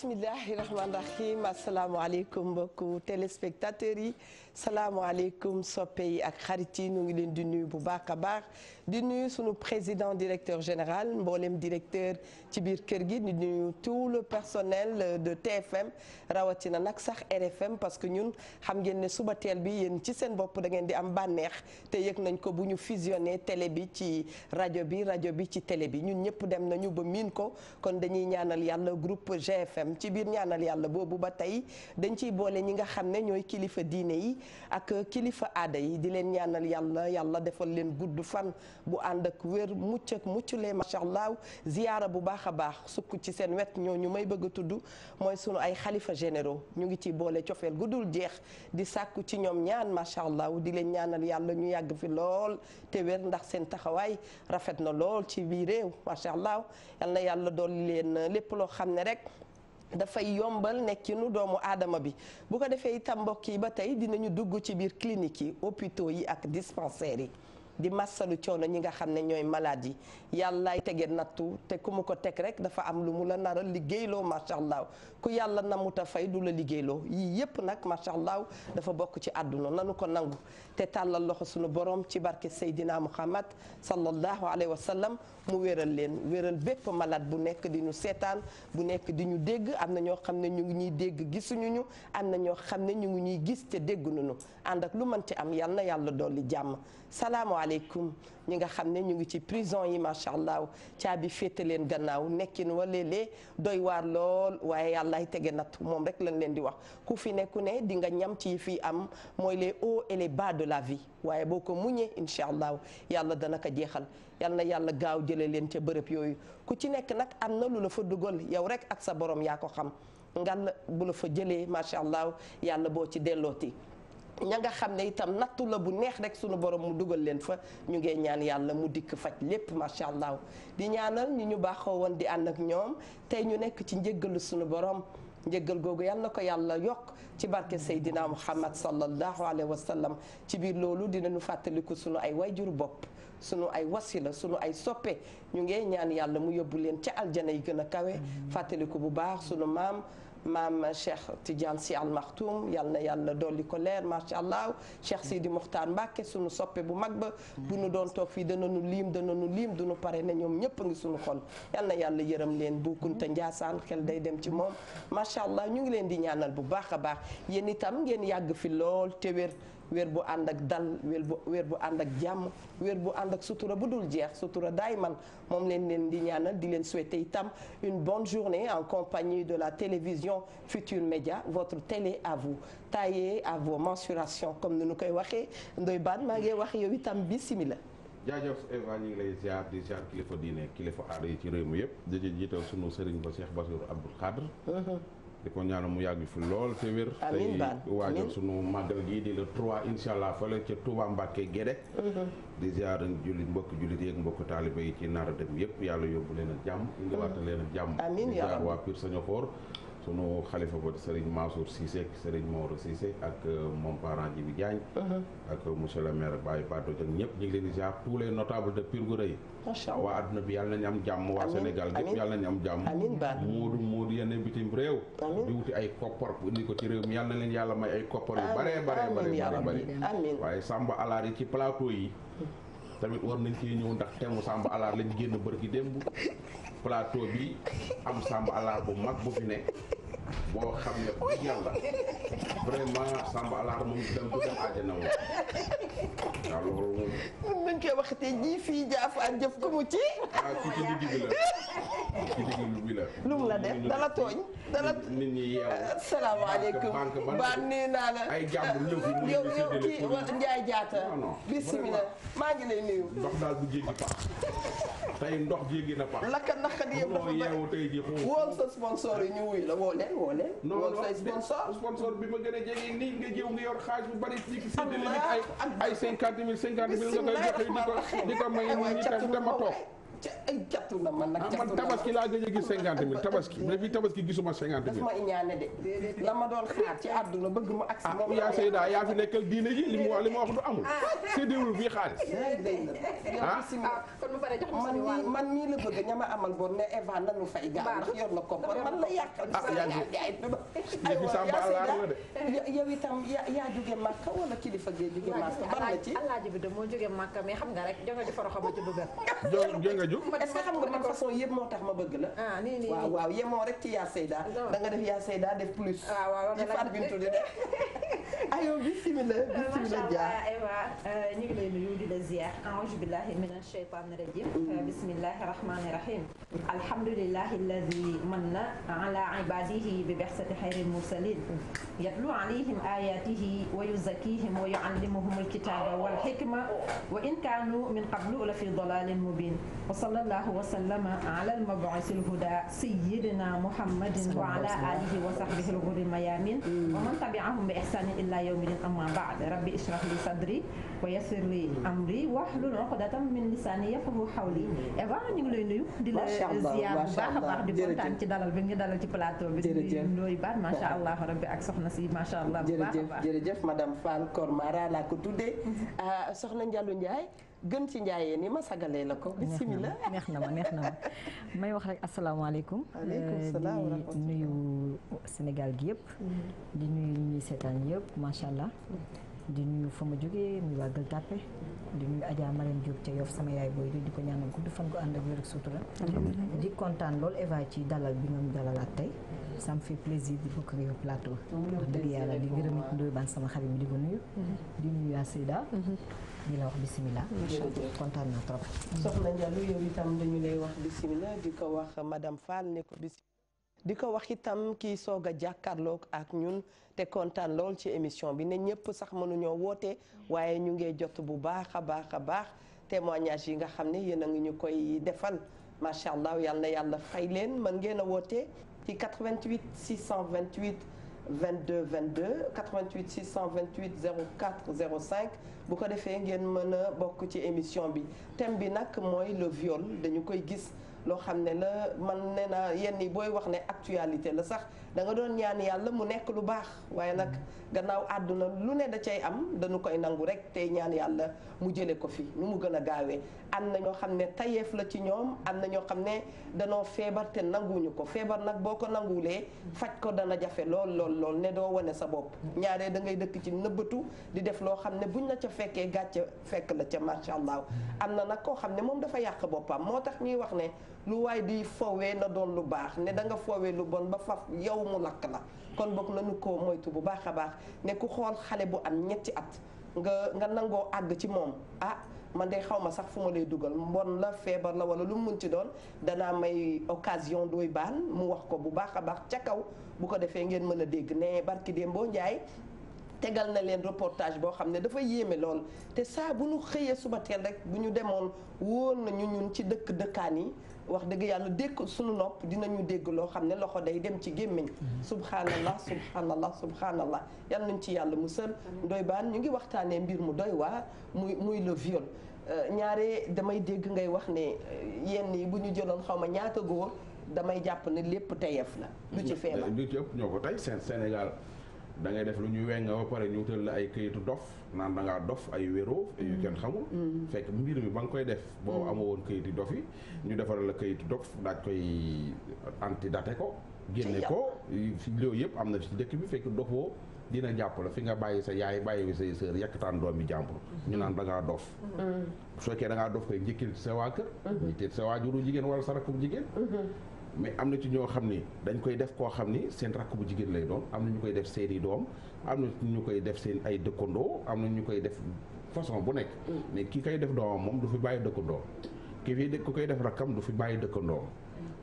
bismillahi rahmaani rahim asalaamaaleykum mbokku téléspectateurs yi salaamaaleykum soppe yi ak xarit yi ñu ngi leen di nuyu bu baax a baax di nuyu suñu président directeur général mbooleem directeur ci biir kër gi di nuyu tout le personnel de TFM rawatina nag sax RFM parce que ñun xam ngeen ne suba teel bi yéen ci seen bopp dangeen di am bànneex te yëg nañ ko bu ñu fusionné tele bi ci rajo bi rajo bi ci tele bi ñun ñëpp dem nañu ba miin ko kon dañuy ñaanal yàlla groupe GFM ci biir ñaanal yàlla boobu ba tey dañ ciy boole ñi nga xam ne ñooy kilifa diine yi. ak kilifa aada yi di leen ñaanal yàlla yàlla defal leen gudd fan bu ànd ak wér mucc ak mucc lee macha allah ziyaara bu baax a baax sukk ci seen wet ñoo ñu may bëgg a tudd mooy sunu ay xalifa généraux ñu ngi ci boole cofeel guddul jeex di sàkku ci ñoom ñaan macha allah di leen ñaanal yàlla ñu yàgg fi lool te wér ndax seen taxawaay rafet na lool ci biir réew macha allah yàlla dool leen lépp loo xam ne rek dafay yombal nekkinu doomu aadama bi bu ko defee itam mbokk yi ba tey dinañu dugg ci biir clinique yi hôpitaux yi ak dispensaires yi di massalu coono ñi nga xam ne ñooy malade yi yàllaay tege nattu te ku mu ko teg rek dafa am lu mu la naral liggéeyloo macha allah ku yàlla namut a fay du la liggéeyloo yii yëpp nag macha allah dafa bokk ci àdduna nanu ko nangu te tàllal loxo sunu borom ci barke Seydina Muhammad sallallahu alayhi wa sallam mu wéral leen wéral bépp malade bu nekk di ñu seetaan bu nekk di ñu dégg am na ñoo xam ne ñu ngi ñuy dégg gisuñu ñu am na ñoo xam ne ñu ngi ñuy gis te dégguñu ñu ànd ak lu mën ci am yal na yàlla dolli jàmm salaamaaleykum ñi nga xam ne ñu ngi ci prison yi macha allah caabi féete leen gannaaw nekkin wa léeg-léeg doy waar lool waaye yàllaay tege nat moom rek lañ leen di wax ku fi nekku ne di nga ñam ci fii am mooy les hauts et de la vie waaye boo ko muñee incha allah yàlla dana ko jeexal yal na yàlla gaaw jëlee leen ca bërëb yooyu ku ci nekk nag am na lu la fa dugal yow rek ak sa borom yaa ko xam ngal bu la fa jëlee macha allah yàlla boo ci dellooti ña nga xam ne itam nattu la bu neex rek sunu borom mu dugal leen fa ñu ngee ñaan yàlla mu dikk faj lépp macha allah di ñaanal ñi ñu baaxoo woon di ànd ak ñoom tey ñu nekk ci njëggalu sunu borom njëggal googu yàlla na ko yàlla yokk ci barke Seydina Muhammad sallallahu alayhi wa sallam ci biir loolu dina dinañu fàttaliku sunu ay wayjur bopp sunu ay wasila sunu ay soppe ñu ngee ñaan yàlla mu yóbbu leen ca aljana yi gën a kawe fàttaliku bu baax sunu maam maam Cheikh Tidiane Sy Al yàlla yal na yàlla dolli ko leer macha allah Cheikh Sidi Mokhtar Mbacke sunu soppe bu mag ba. bu ñu doon toog fii dana nu liim dana nu liim du nu pare na ñoom ñëpp a ngi suñu xol yal yàlla yërëm leen bu Kunta Njaasaan xel day dem ci moom macha allah ñu ngi leen di ñaanal bu baax a baax yéen itam ngeen yàgg fi lool te wér weer bu ànd ak dal weer bu weer ànd ak jàmm weer bu ànd ak sutura bu dul jeex sutura daay man moom leen leen di ñaanal di leen souhaiter itam une bonne journée en compagnie de la télévision Futur Média votre télé à vous taillée à vos mensurations comme ni nu koy waxee Ndoye Bane maa ngi wax yow itam bismillah jaajëf Eva ñu ngi lay ziar di ziar kilifa diine kilifa aada ci yëpp di jiital sunu sëriñ ba Cheikh Bassirou Abdoul di ko ñaanal mu yàgg fi lool te wér. amiin ba tey waajal sunu màggal gii di le 3 incha fa fële ca Touba Mbacke Guédé. Mhm. di ziar jullit mbokk jullit yeeg mbokk taaliba yi ci naara dem yëpp yàlla yóbbu leen ak jàmm. indiwaat mhm. leen ak jàmm. amiin di ziar waa Pire sunu xalifa ba sëriñ Mansour Cissé sëriñ Maodo Cissé ak euh, moom parent Djibi Diagne uh-huh. ak monsieur le maire Baye Bado Dieng ñëpp ñu ngi leen di ziar tous les notables de Pire Gouray waa adduna bi yàlla nañu am jàmm waa Sénégal gépp yàlla nañu am jàmm moodu moodu yeneen bitim réew di wuti ay koppar indi ko ci réew mi yàlla na leen yàlla may ay koppar yu bare bare bare bare waaye Samba Alaar yi ci plateau yi tamit war nañ cee ñëw ndax temu Samba Alaar lañ génn bërki démb plateau bi am Samba Alar bu mag bu fi ne boo xam ne bu yàlla vraiment Samba Alar moom du dem du dem àjjana moom waaw loolu moom. mën nañu koy waxatee ji fii jaafaan jëf ko mu ci. ah ku ci digg bi la ku ci digg bi la. lu mu la def dala tooñ. dala nit ñi yeewu. asalaamaaleykum ba nee naa la. ay jàmbur ñëw fi yow yow kii Ndiaye Diatta. bisimilah maa ngi lay nuyu. ndox daal bu jéggi pax. tey ndox jéggi na pax. lakka naqari yëpp dafa bëri yeewu tey sa sponsor yi ñu wuy la woo leen woo leen. woo say sponsor sponsor bi ma gën a jege nii nga jiw nga yor xaalis bu bari. am na ay ay cinquante mille cinquante mille nga koy joxe di di ko may nit ñi tam ca ay cattu nga ah, man nag. cattu tabaski laa a tabaski. mais fii tabaski gisuma cinquante mille. daf ma iñaane de ci àdduna bëgg mu agsi ah, moom yaa Seyda yaa fi nekkal diine ji li mu ba ah. pare jox ma man mii man mii la bëgg ña ma amal bor ne Eva nanu fay gaaw ndax yor na ko man la yàqal. bi de moo jóge Màkka xam nga rek tëju. est-ce que xam nga man façon yëpp moo tax ma bëgg la. ah nii nii waaw waaw yemoo rek ci yaa Seyda. Ah, da nga def yaa Seyda def plus. Ah, waaw waaw ci Fatou Bintou di def. aywa bisimilah bisimilah Dia macha allah euh, Eva ñu ngi lay nuyu di la ziar. aouzu billahi mina shaytani rajim. Euh, bismillahi rahmani rahim. alhamdulillahi alladi manna ala ibadihi bi bixsati xayril mursalin. yatlu alayhim ayatihi wa yuzakkihim wa yuallimuhum alkitaba wal xikma wa in kanu min qablu la fi dalalin mubin صلى الله وسلم على المبعوث الهدى سيدنا محمد وعلى آله وصحبه الغر الميامين ومن تبعهم بإحسان إلا يوم الدين أما بعد ربي اشرح لي صدري ويسر لي أمري واحلل عقدة من لساني يفقهوا قولي Eva ñu ngi lay nuyu di la ziar bu baax a baax di kontaan ci dalal bi nga dalal ci plateau bi di ndooy baat macha allah rabbi ak soxna si macha allah bu baax a baax jërëjëf madame Fall Kormara laa ko tuddee mm-hmm. ah, soxna Ndiallo Ndiaye gën ci njaayee ni ma sagalee la ko bisimilah neex na ma neex na ma may wax rek asalaamaaleykum aleykum euh, nuyu senegal gi yëpp mm-hmm. di nuyu ñi ñuy seetaan yëpp macha allah mm-hmm. di nuyu fa ma jógee muy waa Gueule Tapée mm-hmm. di nuyu Adja Marème Diop ca Yoff sama yaay booy di ko ñaanal gudd fan ko ànd ak wér ak sutura di kontaan lool Eva ci dalal bi nga dalalaat tey ça me fait plaisir di bokk ak plateau di gërëm it Ndoye Bane sama xarit bi di ko nuyu di nuyu yaa di la wax bisimilah. jërëjëf kontaan naa trop. itam dañu lay wax bisimilah di ko wax madame Fall ne ko bisimilah. di ko wax itam kii soog a jàkkaarloog ak ñun te kontaan lool ci émission bi ne ñëpp sax mënuñoo woote waaye ñu ngee jot bu baax a baax a baax témoignage yi nga xam ne yéen a ngi ñu koy defal macha allah yal na yàlla fay leen mën ngeen a woote ci 88 628 22 22 88 628 04 05. bu ko defee ngeen mën a bokk ci émission bi thème bi nag mooy le viol dañu koy gis loo xam ne la man nee naa yenn yi booy wax ne actualité la sax da nga doon ñaan yàlla mu nekk lu baax waaye nag gannaaw àdduna lu ne da cay am dañu koy nangu rek tey ñaan yàlla mu jële ko fi nu mu gën a gaawee am na ñoo xam ne tayeef la ci ñoom am na ñoo xam ne danoo feebar te nanguwuñu ko feebar nag boo ko nanguwulee faj ko dana jafe lool lool lool ne doo wane sa bopp ñaaree da ngay dëkk ci nëbbatu di def loo xam ne buñ la ca fekkee gàcce fekk la ca macha allah am na nag koo xam ne moom dafa yàq boppam moo tax ñuy wax ne lu waay di foowee na doon lu baax ne da nga foowee lu bon ba fa yow mu lakk la kon boog nañu ko moytu bu baax a baax ne ku xool xale bu am ñetti at nga nga nangoo àgg ci moom ah man de xaw ma sax fu ma lay dugal mbon la feebar la wala lu mu munti doon danaa may occasion dooy baal mu wax ko bu baax a baax ca kaw bu ko defee ngeen mën a dégg ne barki Dembo Ndiaye tegal na leen reportage boo xam ne dafa yéeme lool te saa bu nu xëyee suba teel rek bu ñu demoon wóor nañu ñun ci dëkk dëkkaan yi wax dëgg yàlla dékk suñu nopp dinañu dégg loo xam ne loxo day dem ci gémmiñ subhanallah subhanallah subhanallah yal nañ ci yàlla musal doy baan ñu ngi waxtaanee mbir mu doy waa muy muy le ñaare damay dégg ngay wax ne yenn yi bu ñu jëloon xaw ma ñaata góor damay jàpp ne lépp teyef la lu ci feebar du ci ëpp ñoo ko da ngay def lu ñu weng ba pare ñu wutal la ay këyitu dof naan da dof ay wéro yu kenn xamul mm-hmm. fekk mbir mi ba nga koy def boobu mm-hmm. amoo woon këyitu dof yi ñu defaral la këyitu dof daaj koy antidaté ko génne ko loolu yëpp am na ci dëkk bi fekk dofoo dina jàpp la fi nga bàyyi sa yaay bàyyi bi say sœur yekkataan doom bi jàmbur ñu mm-hmm. naan da ngaa dof su fekkee da ngaa dof koy njëkkil ci sa waa kër ñi teet sa waajuru jigéen wala sa rakku jigéen mais am na ci ñoo xam ni dañ koy def koo xam ni seen rakk bu jigéen lay doon am na ñu koy def seen doom am na ñu koy def seen ay dëkkandoo am ñu koy def façon bu nekk. Mm. mais ki koy def doomam moom du fi bàyyi dëkkandoo. ki fi ku koy def rakkam du fi bàyyi dëkkandoo.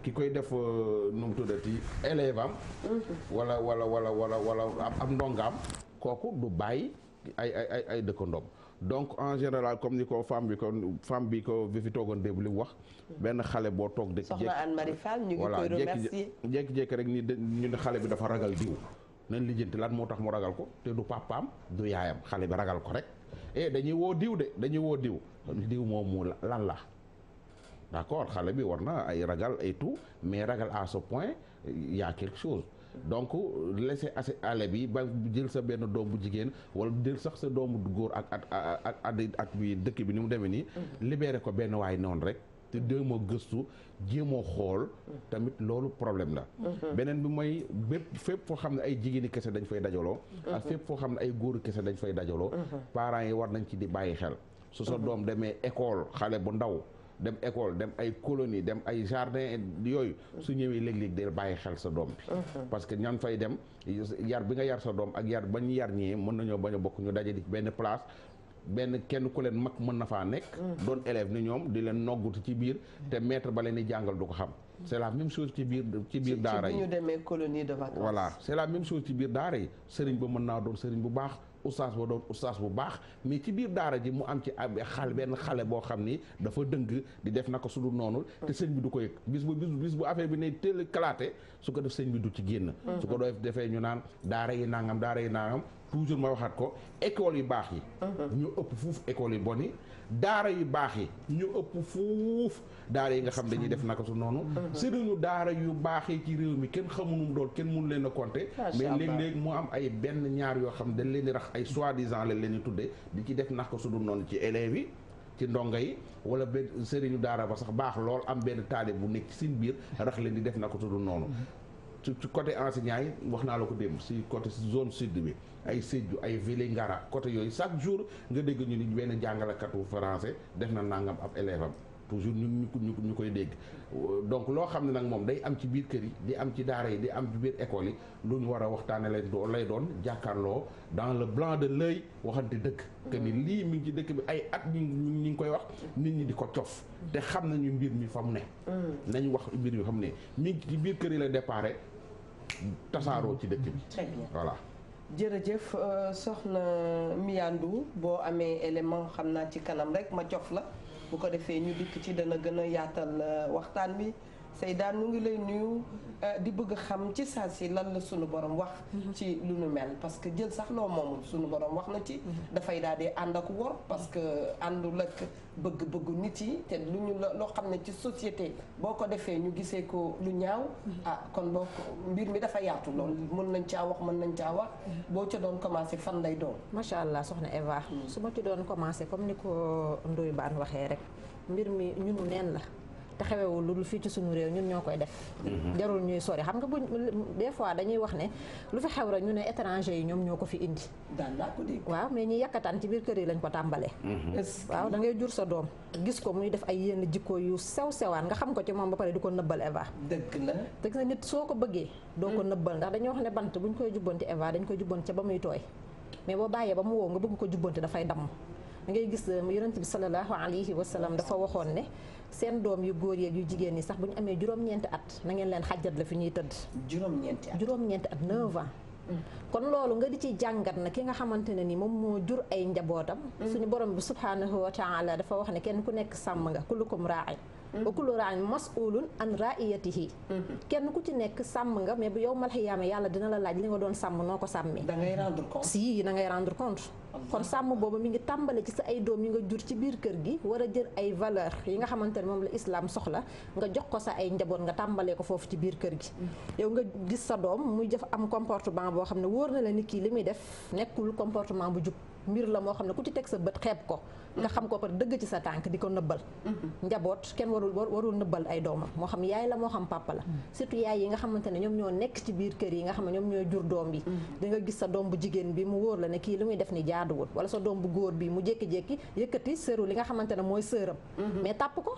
ki koy def euh, nu mu tuddati élève am. Mm-hmm. wala wala wala wala wala am ndongaam kooku du bàyyi ay ay ay ay dëkkandoom. donc en général comme ni ko femme bi ko femme bi ko bi fi toogoon démb li wax benn xale boo toog de soxna Anne Marie ñu ngi koy remercier jékki rek ni ñu ne xale bi dafa ragal diw nan lijjanti lan moo tax mu ragal ko te du papaam du yaayam xale bi ragal ko rek eh dañuy woo diw de dañuy woo diw diw moom moomu lan la d'accord xale bi war na ay ragal et tout mais ragal à ce point y a quelque chose donc laisser assez aller bi ba jël sa benn doom bu jigéen wala jël sax sa doomu góor ak ak ak ak bi dëkk bi ni mu demee nii. Mhm. libéré ko benn waay noonu rek. te déemoo gëstu jéemoo xool mhm. tamit loolu problème la mhm. beneen bi mooy bépp fépp foo xam ne ay jigéeni kese dañ fay dajaloo ak fépp foo xam ne ay góoru kese dañ fay dajaloo parents yi war nañ ci di bàyyi xel su sa doom demee école xale bu ndaw dem école dem ay colonie dem ay jardin yooyu su ñëwee léeg-léeg day bàyyi xel sa doom bi mhm. parce que ñan fay dem yar bi nga yar sa doom ak yar ba ñu yar ñii mën nañoo bañ a bokk ñu daje di benn place benn kenn ku leen mag mën na faa nekk mhm. doon élève ni ñoom di leen noggutu ci biir te mhm. maître ba leen di jàngal du ko xam c'est la même chose ci la même chose ci biir daara yi sëriñ ba mën naa doon sëriñ bu baax oustaz ba doon oustaz bu baax mais ci biir daara ji mu am ci ab xale benn xale boo xam ni dafa dëng di def naka su dul noonu te sëñ bi du ko yëg bis bu bis bis bu affaire bi ne teel a kalaate su ko def sëñ bi du ci génn mm-hmm. su ko def defee ñu naan daara yi nangam daara yi nangam toujours ma waxaat ko école yu baax yi uh-huh. ñu ëpp fuuf école yu bon yi daara yu baax yi ñu ëpp fuuf daara yi nga xam dañuy def naka su noonu uh-huh. sëriñu daara yu baax yi ci réew mi kenn xamunum dool kenn mun leen a compter mais léeg-léeg mu am ay benn ñaar yoo xam dañ leen di rax ay soi-disant lañ leen di tuddee di ci def naka su dul noonu ci élèves yi ci ndongo yi wala benn sëriñu daara ba sax baax lool am benn taalibe bu nekk ci seen biir rax leen di def na su dul ci côté enseignants yi wax naa la ko démb si côté zone sud bi ay Sédhiou ay ngara côté yooyu chaque jour nga dégg ñu ni benn jàngalakatu français def na nangam ab élève am toujours ñu ñu ñu koy dégg donc loo xam ne nag moom day am ci biir kër yi di am ci daara yi di am ci biir école yi lu ñu war a waxtaane lay doon lay doon jàkkaarloo dans le blanc de l'œil waxante dëkk que ni lii mi ngi ci dëkk bi ay at ñu ñu ngi koy wax nit ñi di ko cof te xam nañu mbir mi fa ne mm. nañu wax mbir mi fa ne mi ngi biir kër yi la déparé tasaaroo ci dëkk bi. très bien voilà. jërëjëf euh, soxna Miandou boo amee élément xam naa ci kanam rek ma jox la bu ko defee ñu dikk ci dana gën a yaatal euh, waxtaan wi. Seyda nu ngi lay nuyu euh, di bëgg xam ci saa si lan la sunu borom wax mhm. ci lu nu mel parce que jël sax loo moomul suñu borom wax na ci mhm. dafay daal di ànd ak wor parce que àndul ak bëgg-bëggu nit yi te lu ñu loo xam ne ci société boo ko defee ñu gisee ko lu ñaaw mhm. ah kon boo mbir mi dafa yaatu lool mën nañ caa wax mën nañ caa wax boo ca doon commencé fan lay doon macha allah soxna Eva hmm. su ma ci doon commencé comme ni ko Ndoye Bane waxee rek mbir mi ñunu neen la te xewewul lu dul fii ci suñu réew ñun ñoo koy def mhm. jarul ñuy sori xam nga bu des fois dañuy wax ne lu fi xew rek ñu ne étranger yi ñoom ñoo ko fi indi waaw mais ñu yàkkataan ci biir kër yi lañ ko tàmbalee mhm. waaw da ngay jur sa doom gis ko muy def ay yenn jikko yu sew sewaan nga xam ko ci moom ba pare di ko nëbbal Eva dëgg la te nit soo ko bëggee doo ko mm. nëbbal ndax dañuy wax ne bant buñ koy jubbanti Eva dañ koy jubbanti ca ba muy tooy mais boo bàyyee ba mu wow nga bëgg ko jubbanti dafay damm ngay gis euh, yonent bi sallallahu alayhi wa sallam waxoon ne seen doom yu góor yeeg yu jigéen ñi sax bu ñu amee juróom-ñeenti at nangeen leen xajjat la fi ñuy tëdd. juróom-ñeenti at juróom at 9 ans. Mm. kon loolu nga di ci jàngat na ki nga xamante ne ni moom moo jur ay njabootam. Mm. suñu borom bi subhaanahu wa taala dafa wax ne kenn ku nekk sàmm nga kullukum raa'i Mm-hmm. wa kullu mas mas'uulun an raa'iyatihi mm-hmm. kenn ku ci nekk sàmm nga mais bu yow mal xiyaama yàlla dina la laaj li nga doon sàmm noo ko sàmmee da ngay rendre compte si da ngay rendre compte kon sàmm boobu mi ngi tàmbale ci sa ay doom yi nga jur ci biir kër gi war a jël ay valeur yi nga xamante ne moom la islaam soxla nga jox ko sa ay njaboot nga tàmbalee ko foofu ci biir kër gi mm-hmm. yow nga gis sa doom muy jëf am comportement boo xam ne wóor na la nit kii li muy def nekkul comportement bu jub mbir la moo xam ne ku ci teg sa bët xeeb ko nga xam ko par dëgg ci sa tànk di ko nëbbal mm-hmm. njaboot kenn warul warul nëbbal ay doomam moo xam yaay la moo xam papa la mm-hmm. surtout yaay yi nga xamante ne ñoom ñoo nekk ci biir kër yi nga xam ne ñoom ñoo jur doom bi mm-hmm. da nga gis sa doom bu jigéen bi mu wóor la ne kii li muy def ni jaaduwul wala sa doom bu góor bi mu jékki-jékki yëkkati sëru li nga xamante ne mooy sëram mais tàpp ko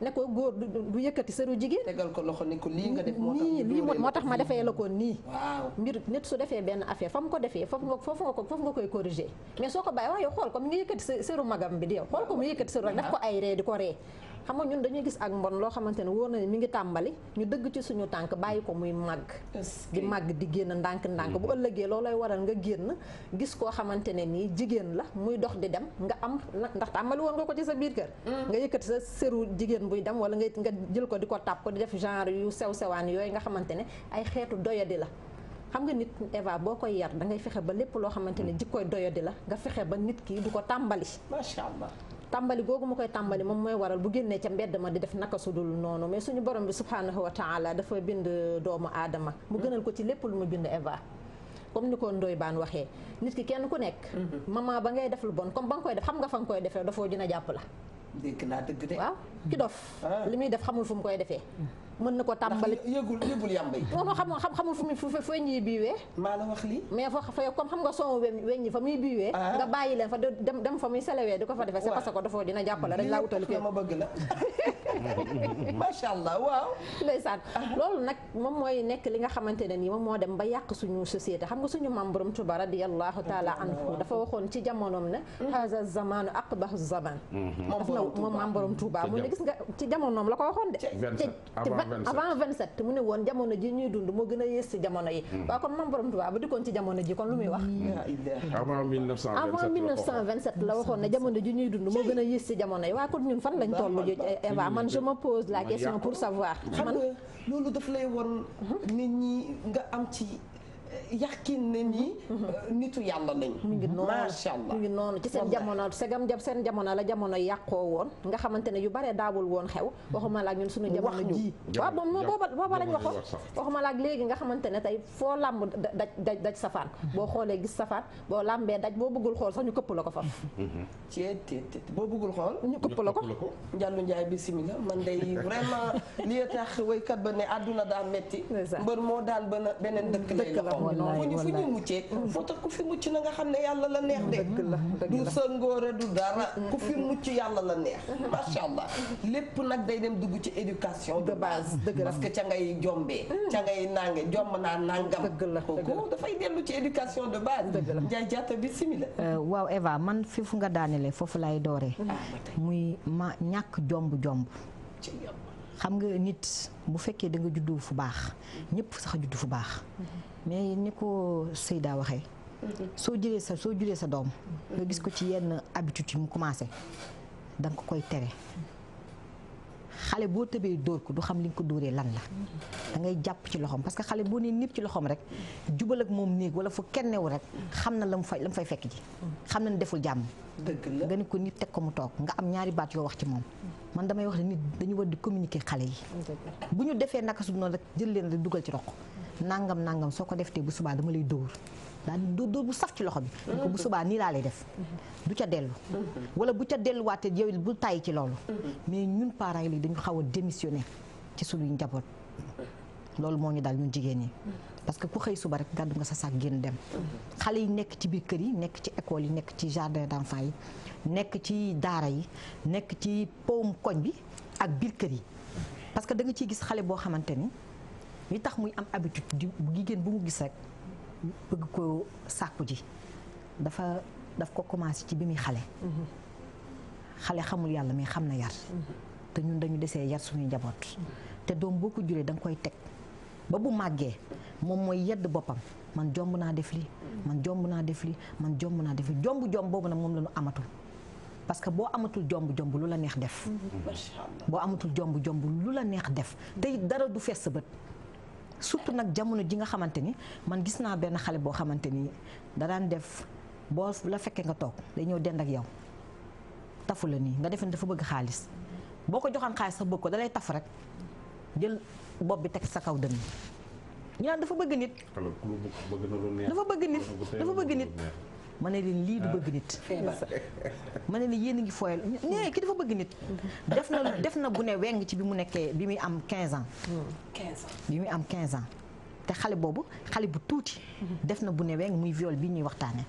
ne ko góor du yëkkati sëru jigéen. tegal ko loxo ne ku lii nga def. moo tax ma defee la ko nii. waaw mbir nit su defee benn affaire fa mu ko defee foofu nga foofu nga ko foofu nga koy corriger mais soo ko bàyyi wax yow xool ko mi ngi yëkkati sëru magam bi di yow xool ko mu yëkkati sëru daf ko ay ree di ko ree xam nga ñun dañuy gis ak mbon loo xamante ne wóor na mi ngi tàmbali ñu dëgg ci suñu tànk bàyyi ko muy màgg di màgg di génn ndànk-ndànk bu ëllëgee loolu loolay waral nga génn gis koo xamante ne nii jigéen la muy dox di dem nga am ndax tàmbali woon nga ko ci sa biir kër mm. nga yëkkati sa seru jigéen buy dem wala nga nga jël ko di ko tàpp ko di def genre yu sew sewaan yooyu nga xamante ne ay xeetu doyadi la xam nga nit Eva boo koy yar da ngay fexe ba lépp loo xamante ne jikkooy doyadi la nga fexe ba nit ki du ko tàmbali macha allah tàmbali googu ma koy tàmbali moom mooy waral bu génnee ca mbedd ma di def naka su sudul noonu mais suñu borom bi subhaanahu wa taala dafa bind doomu aadama mu gënal ko ci lépp lu mu bind Eva comme ni ko Ndoye baan waxee nit ki kenn ku nekk mm-hmm. maman ba ngay def lu bon comme ba nga koy def xam nga fa nga koy defee dafoo dina jàpp la dégg naa dëgg de waaw ki ah. li muy def xamul fu mu koy defee mm. mën na ko tàmbali yëgul yëgul yàmba yi moom xam xam xamul fu muy fu weñ yi biiwee maa la wax lii mais fa fa comme xam nga son weñ yi fa muy biiwee ah. nga bàyyi leen fa dem dem fa muy selewee di ko fa defee c'est parce que dafoo dina jàppale dañ laa utali kër ma bëgg la macha allah waaw ndeysaan ah. loolu nag moom mooy nekk li nga xamante ne nii moom moo dem ba yàq suñu société xam nga suñu maam Borom Tuuba radiyallahu taala anhu dafa waxoon ci jamonoom ne haza hmm. zamanu aqbahu zaman hmm. daf na moom maam Borom Tuuba mu ne gis nga ci jamonoom la ko waxoon de avant 27 mu ne woon jamono ji ñuy dund moo gën a yées ci jamono yi hmm. waaw kon mam borom Tuubaa ba dikkoon ci jamono ji kon lu muy wax hmm. avant 1927 la waxoon ne jamono ji ñuy dund moo gën a yées ci jamono yi waaw kon ñun fan lañ toll joj eh, Eva man je me pose la question pour savoir man loolu daf lay won hmm? nit ñi nga am ci yàqin na ni. Mhm. Euh, nitu yàlla lañu. mu ngi noonu macha allah noonu ci seen jamono segam jam seen jamono la jamono yàqoo woon nga xamante ne yu bare daawul woon xew. Mhm. waxuma la ak ñun suñu jamono ji waaw booba booba lañ waxoon waxuma la léegi nga xamante ne tey foo làmb da daj daj safaan. Mhm. boo xoolee gis safaan boo làmbee daj boo bëggul xool sax ñu këpp la ko fa. cee teet boo bëggul xool. ñu këpp la ko Ndiallo Ndiaye bisimilah man day vraiment li tax waykat ba ne àdduna daa metti mbër moo daan beneen dëkk lay fu ñu fu ñu muccee mm. xam ne yàlla la neex de mm, mm, yàlla la neex macha nag day dem dugg ci éducation de base dëgg que ca ngay jombee ca ngay nange jomb naa nangam de base dëgg euh, waaw Eva man fi fu nga daanele foofu lay dooree ah, muy ma ñàkk jomb jomb xam nga nit bu fekkee danga nga fu baax ñëpp sax juddu fu baax mm-hmm. mais ni ko seydaa waxee. Mhm. soo jëlee sa soo juree sa doom. nga gis ko ci yenn habitude yi mu commencé da nga ko koy tere. xale boo tëbee dóor ko du xam li nga ko dóoree lan la da ngay jàpp ci loxoom parce que xale boo nee nipp ci loxoom rek jubal ak moom néeg wala fu kennewu rek xam na la mu fay la fay fekk ji xam na ne deful jàmm dëgg la nga ne ko nit teg ko mu toog nga am ñaari baat yoo wax ci moom man damay wax ne nit dañu war di communiquer xale yi bu ñu defee naka su noonu rek jël leen dugal ci roq nangam nangam soo ko deftee bu subaa dama lay dóor daal di dóor bu saf ci loxo bi ni bu subaa nii laa lay def du ca dellu wala bu ca delluwaatee yow bu tàyyi ci loolu mais ñun parent yi dañu xaw a démissionné ci suñuy njaboot loolu moo ñu daal ñun jigéen ñi parce que ku xëy suba rek gàddu nga sa sac génn dem xale yi nekk ci biir kër yi nekk ci école yi nekk ci jardin d'enfants yi nekk ci daara yi nekk ci powum koñ bi ak biir kër yi parce que da nga gis xale boo xamante ni li tax muy am habitude di jigéen gis rek bëgg ko sàkku ji dafa daf ko commencé ci bi muy xale xale xamul yàlla mais xam na yar te ñun dañu desee yar suñuy njaboot te doom boo ko juree da nga koy teg ba bu màggee moom mooy yedd boppam man jomb naa def lii man jomb naa def lii man jomb naa def jomb jomb boobu nag moom la ñu amatul parce que boo amatul jomb jomb lu la neex def boo amatul jomb jomb lu la neex def te dara du fees sa bët surtout nag jamono ji nga xamante ni man gis naa benn xale boo xamante ni da def boo la fekkee nga toog day ñëw dend ak yow tafu la nii nga defe ne dafa bëgg xaalis boo ko joxoon xaalis sa bëgg ko dalay taf rek jël bopp bi teg sa kaw dënn ñu naan bëgg nit. dafa bëgg nit dafa bëgg nit. ma ne leen lii du bëgg nit. ma ne leen yéen a ngi fooyal nee ki dafa bëgg nit. def na def na gune weng ci bi mu nekkee bi muy am quinze ans. 15 ans bi muy am 15 ans. te xale boobu xale bu tuuti. def na gune weng muy viole bi ñuy waxtaanee.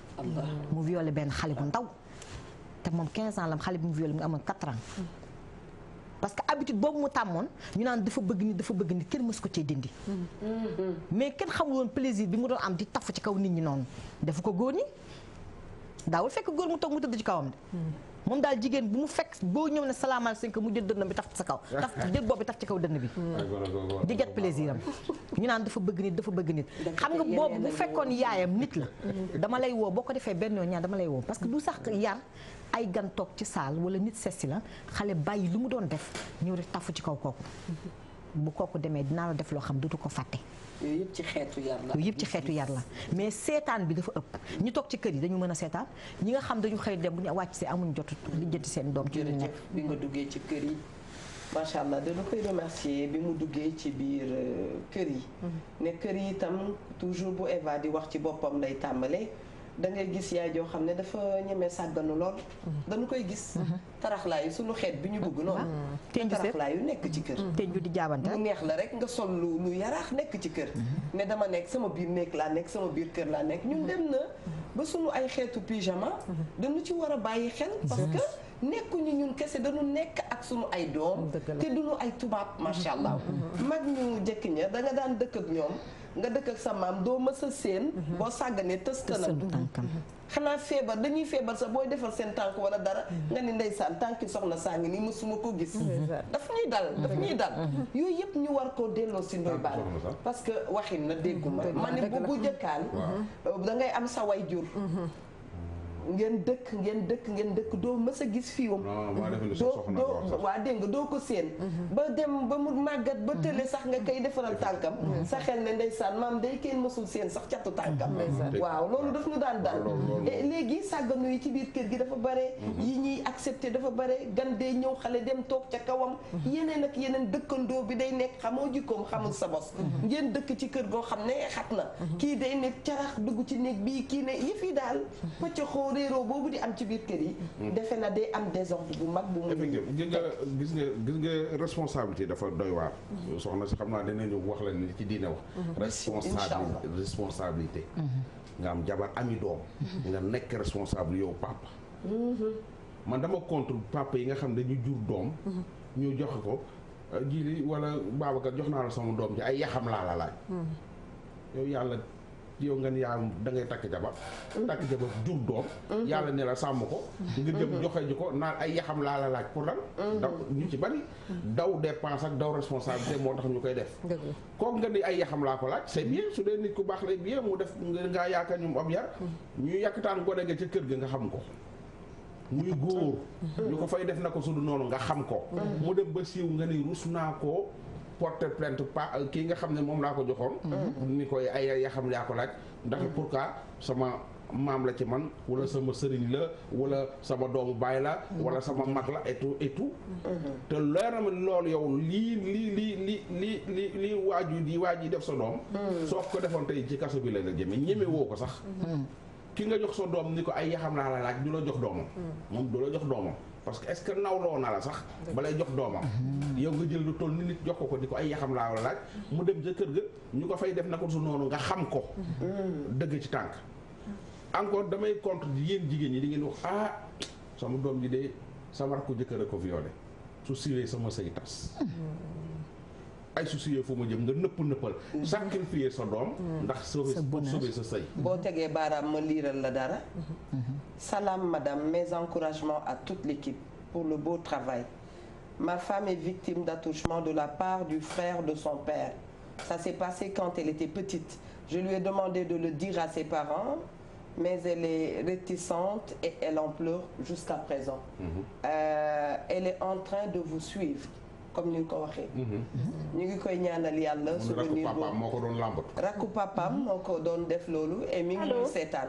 mu violé benn xale bu ndaw. te moom 15 ans lam xale bi mu violé mu amoon 4 ans. parce que habitude boobu mu tàmmoon ñu naan dafa bëgg nit dafa bëgg nit kenn mësu ko cee dindi. Mm-hmm. mais kenn xamul woon plaisir bi mu doon am di tafu ci kaw nit ñi noonu. dafa ko góor daawul fekk góor mu toog mu tëdd ci kawam de. moom daal jigéen bu mu fekk boo ñëw ne salaamaaleykum mu jël dënn bi taf sa kaw. taf jël bopp bi taf ci kaw dënn bi. Mm. di get plaisir am. ñu naan dafa bëgg nit dafa bëgg nit. xam nga boobu bu fekkoon yaayam nit la. Mm. dama lay woo boo ko defee benn yoon ñaar dama lay woo parce que du sax yar ay gan toog ci saal wala nit sessi la xale bàyyi lu mu doon def ñëw rek tafu ci kaw kooku. Mm-hmm. bu kooku demee dinaa la def loo xam dutu ko fàtte. yooyu yëpp ci xeetu yar la. yëpp ci xeetu yar mais seetaan bi dafa ëpp. ñi toog ci kër yi dañu mën a seetaan ñi nga xam dañu xëy dem bu ñu wàcc see amuñu jot lijjanti seen doom. ci li nekk bi nga duggee ci kër yi. macha allah dañu koy remercier bi mu duggee ci biir euh, kër yi. Mm-hmm. ne kër yi itam toujours bu Eva di wax ci boppam lay tàmbalee. da ngay gis yaay joo xam ne dafa ñemee sàgganu lool. dañu koy gis. taraxlaayu suñu xeet bi ñu bugg noonu. Mm-hmm. te ñu taraxlaayu nekk ci kër. Mm-hmm. te ñu di jaabante mu neex la rek nga sol lu lu yaraax nekk ci kër. Mm-hmm. ne dama nekk sama biir néeg laa nekk sama biir kër laa nekk ñun dem na. ba sunu ay xeetu pyjama. dañu ci war a bàyyi xel. parce nekkuñu ñun kese dañu nekk ak sunu ay doom. te duñu ay tubaab macha allah. mag ñu jëkk ña da daan dëkk ak ñoom. nga dëkk ak sa maam doo mës a séen boo sàgganee tës kanam xanaa feebar dañuy feebar sa booy defal seen tànk wala dara nga ni ndeysaan tànki soxla saa ngi nii mësuma ko gis dafa ñuy dal dafa ñuy dal mm-hmm. Mm-hmm. yooyu yëpp ñu war koo delloo si ndoy baan parce que waxin na déggu ma ma ne bu bu jëkkaan da ngay am sa way jur mm-hmm. ngeen dëkk ngeen dëkk ngeen dëkk doo mës a gis fiiwam doo waa dégg nga doo ko séen mhm. ba dem ba mu màggat ba mhm. tële sax nga koy defaral tànkam mhm. sa xel ne saan maam day kenn mosul seen sax catu tànkam waaw loolu daf ñu daan dal eh, léegi sàgganu yi ci biir kër gi dafa bare yi ñuy accepté dafa bare gan day ñëw xale dem toog ca kawam yeneen ak yeneen dëkkandoo bi day nekk xamoo jikkoom xamul sa bos ngeen dëkk ci kër goo xam ne xat na kii day nekk carax dugg ci néeg bii kii ne yëf réeroo boobu di am ci biir kër yi. Hmm. defe na day am désordre bu mag bu mu. effectivement gis nga gis nga gis nga responsabilité dafa doy waar. Hmm. soxna si xam naa danañu wax la ni ci diine wax. Hmm. responsabilité responsabilité. nga am jabar ami doom. nga nekk responsable yow papa. man dama contre papa yi nga xam dañu jur doom. ñu joxe ko jili wala Babacar jox naa la sama doom ci ay yaxam laa la laaj. yow yàlla. yow nga ne yaa da ngay takk jabar mm. takk jabar jur doom mm-hmm. yàlla ne la sàmm ko mm-hmm. nga jëm mm-hmm. joxe ji ko naan ay yaxam laa la laaj pour la daw ñu ci bari daw dépense ak daw responsabilité moo tax ñu koy def kook nga ne ay yaxam laa ko laaj c'est bien su dee nit ku baax lay bien mu def ngaa yaakaar ñu am yar ñu yàkkataan gone ga ca kër ga nga xam ko muy góor ñu ko fay def na ko su du noonu nga xam ko mu dem ba siiw nga ni rus naa ko porter plainte pas kii nga xam ne moom laa ko joxoon. Mm-hmm. ni ko ay ya xam yaa ko laaj. ndax mm-hmm. pourquoi sama. maam la ci man wala mm-hmm. sama sëriñ la wala sama doomu baay la wala sama mag la et tout te leer na ma loolu yow lii lii lii lii lii lii lii waaju di waaj yi def sa doom soo ko defoon tey ci kaso bi la la jëme ñeme woo ko sax ki nga jox sa doom ni ko ay yaxam laa la laaj du la jox doomam moom du la jox doomam parce que est-ce que nawloo na la sax balay jox doomam yow nga jël lu toll ni nit jox ko ko di ko ay yaxam laa la laaj mu dem jëkkër kër ñu ko fay def na ko su noonu nga xam ko dëgg ci tànk encore damay contre yéen jigéen ñi di ngeen wax ah sama doom ji de sama ko jëkkër a ko violé su siwee sama sëy tas ay soucis foo ma jëm nga nëpp nëppal. Mm. sacrifier sa mm. ma liiral la dara. Mm-hmm. salaam madame mes encouragements à toute l'équipe pour le beau travail. ma femme est victime d'attouchement de la part du frère de son père. ça s'est passé quand elle était petite. je lui ai demandé de le dire à ses parents. mais elle est réticente et elle en pleure jusqu'à présent. Mmh. elle est en train de vous suivre. comme ni nga ko waxee. Mhm. ñu ngi koy ñaanal yàlla. souvenir rakku papaam moo ko doon làmbatu. rakku papaam mhm. moo ko doon def loolu et mi ngi seetaan.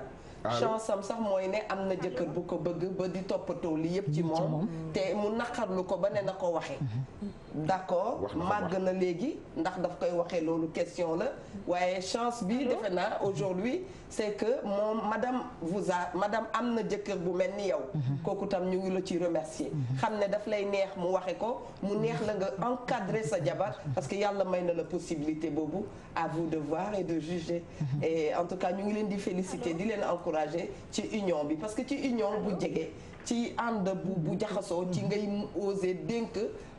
chance am sax mooy ne am na jëkkër bu ko bëgg ba di toppatoo li yëpp ci moom te mu naqarlu ko ba ne na ko waxe mhm. d'accord màgg na léegi ndax daf koy waxee loolu question la waaye chance bi defe naa aujourd'hui c'est que moom madame vous a madame am na jëkkër bu mel ni yow mhm. kooku tam ñu ngi la ci remercier mhm. xam ne daf lay neex mu waxe ko mu mhm. neex la nga encadrer sa jabar parce que yàlla may na la possibilité boobu à vous de voir et de juger en tout cas ñu ngi leen di féliciter di leen encourager ci union bi parce que ci union bu jege ci ànd bu bu jaxasoo ci ngay oser dénk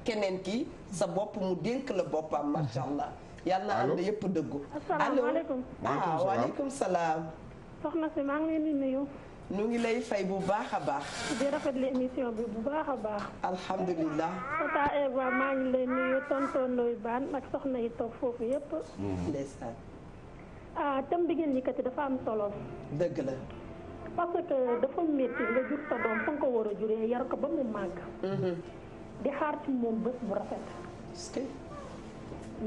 keneen ki sa bopp mu dénk la boppam macha allah yàlla na ànd yëpp dëggu. allo asalaamaaleykum. ah waaleykum salaam. soxna si maa ngi leen di nuyu. ñu ngi lay fay bu baax a baax. di rafetlu émission bi bu baax a baax. alhamdulilah. Tata Eva maa ngi lay nuyu tonton Ndoye Bane ak soxna yi toog foofu yëpp. Mm-hmm. ndeysaan. ah thème bi ngeen yëkkati dafa am solo. dëgg la. parce que dafa métti nga jur sa doom fa nga ko war a juree yar ko ba mu màgg. Mm-hmm. di xaar ci moom bés bu rafet.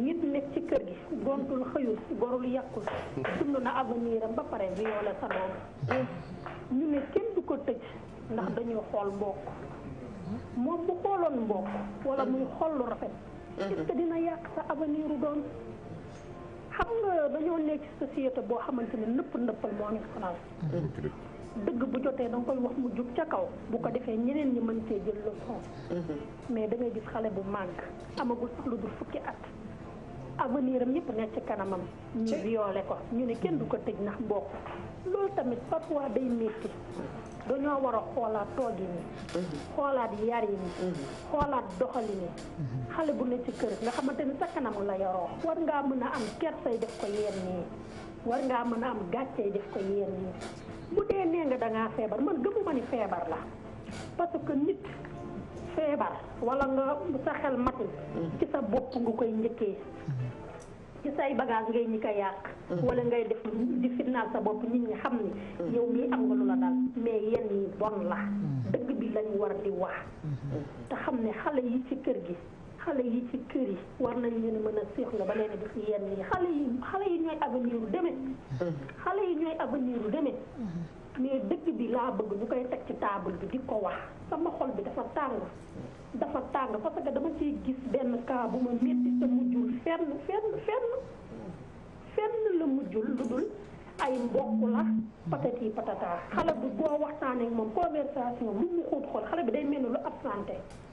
nit nekk ci kër gi gontul xëyul gorul yàqul dund na avenir am ba pare violé sa doom ñu ne kenn du ko tëj ndax dañuy xool mbokk moom bu xooloon mbokk wala muy xool lu rafet est-ce que dina yàq sa avenir u doom xam nga dañoo nekk ci société boo xamante ne nëpp nëppal moo ñu sonal dëgg bu jotee da nga koy wax mu jub ca kaw bu ko defee ñeneen ñi mën cee jël leçon mais da gis xale bu màgg amagul sax lu dul fukki at avenir am yëpp nekk ci kanamam. ñu violé ko ñu ne kenn du ko tëj ndax mbokk. loolu tamit parfois day métti dañoo war a xoolaat toogi ni xoolaat yar yi xoolaat doxali ni xale bu ne ci kër nga xamante ni sa kanam la yoroo war ngaa mën a am kersay def ko yéen nii war ngaa mën a am gàccey def ko yéen nii bu dee nee nga dangaa feebar man gëmuma ni feebar la parce que nit feebar wala nga sa xel matul ci sa bopp nga koy njëkkee ci say bagage ngay ñi ko yàq mm-hmm. wala ngay def di fitnaal sa bopp nit ñi xam ni mm-hmm. yow mii am nga lu la dal mais yenn yi bon la mm-hmm. dëgg bi lañu war di wax te xam ne xale yi ci kër gi xale yi ci kër yi war nañ leen mën a séex nga ba leen def yenn yi xale yi xale yi ñooy avenir u xale yi ñooy avenir u mais dëgg bi laa bëgg ñu koy teg ci taabul bi di ko wax sama xol bi dafa tàng dafa tàng parce que dama ci gis benn cas bu ma métti te mujjul fenn fenn fenn la mujjul lu dul ay mbokk la patati patata xale bi boo waxtaanee moom conversation lu mu xóot xol xale bi day mel ni lu sa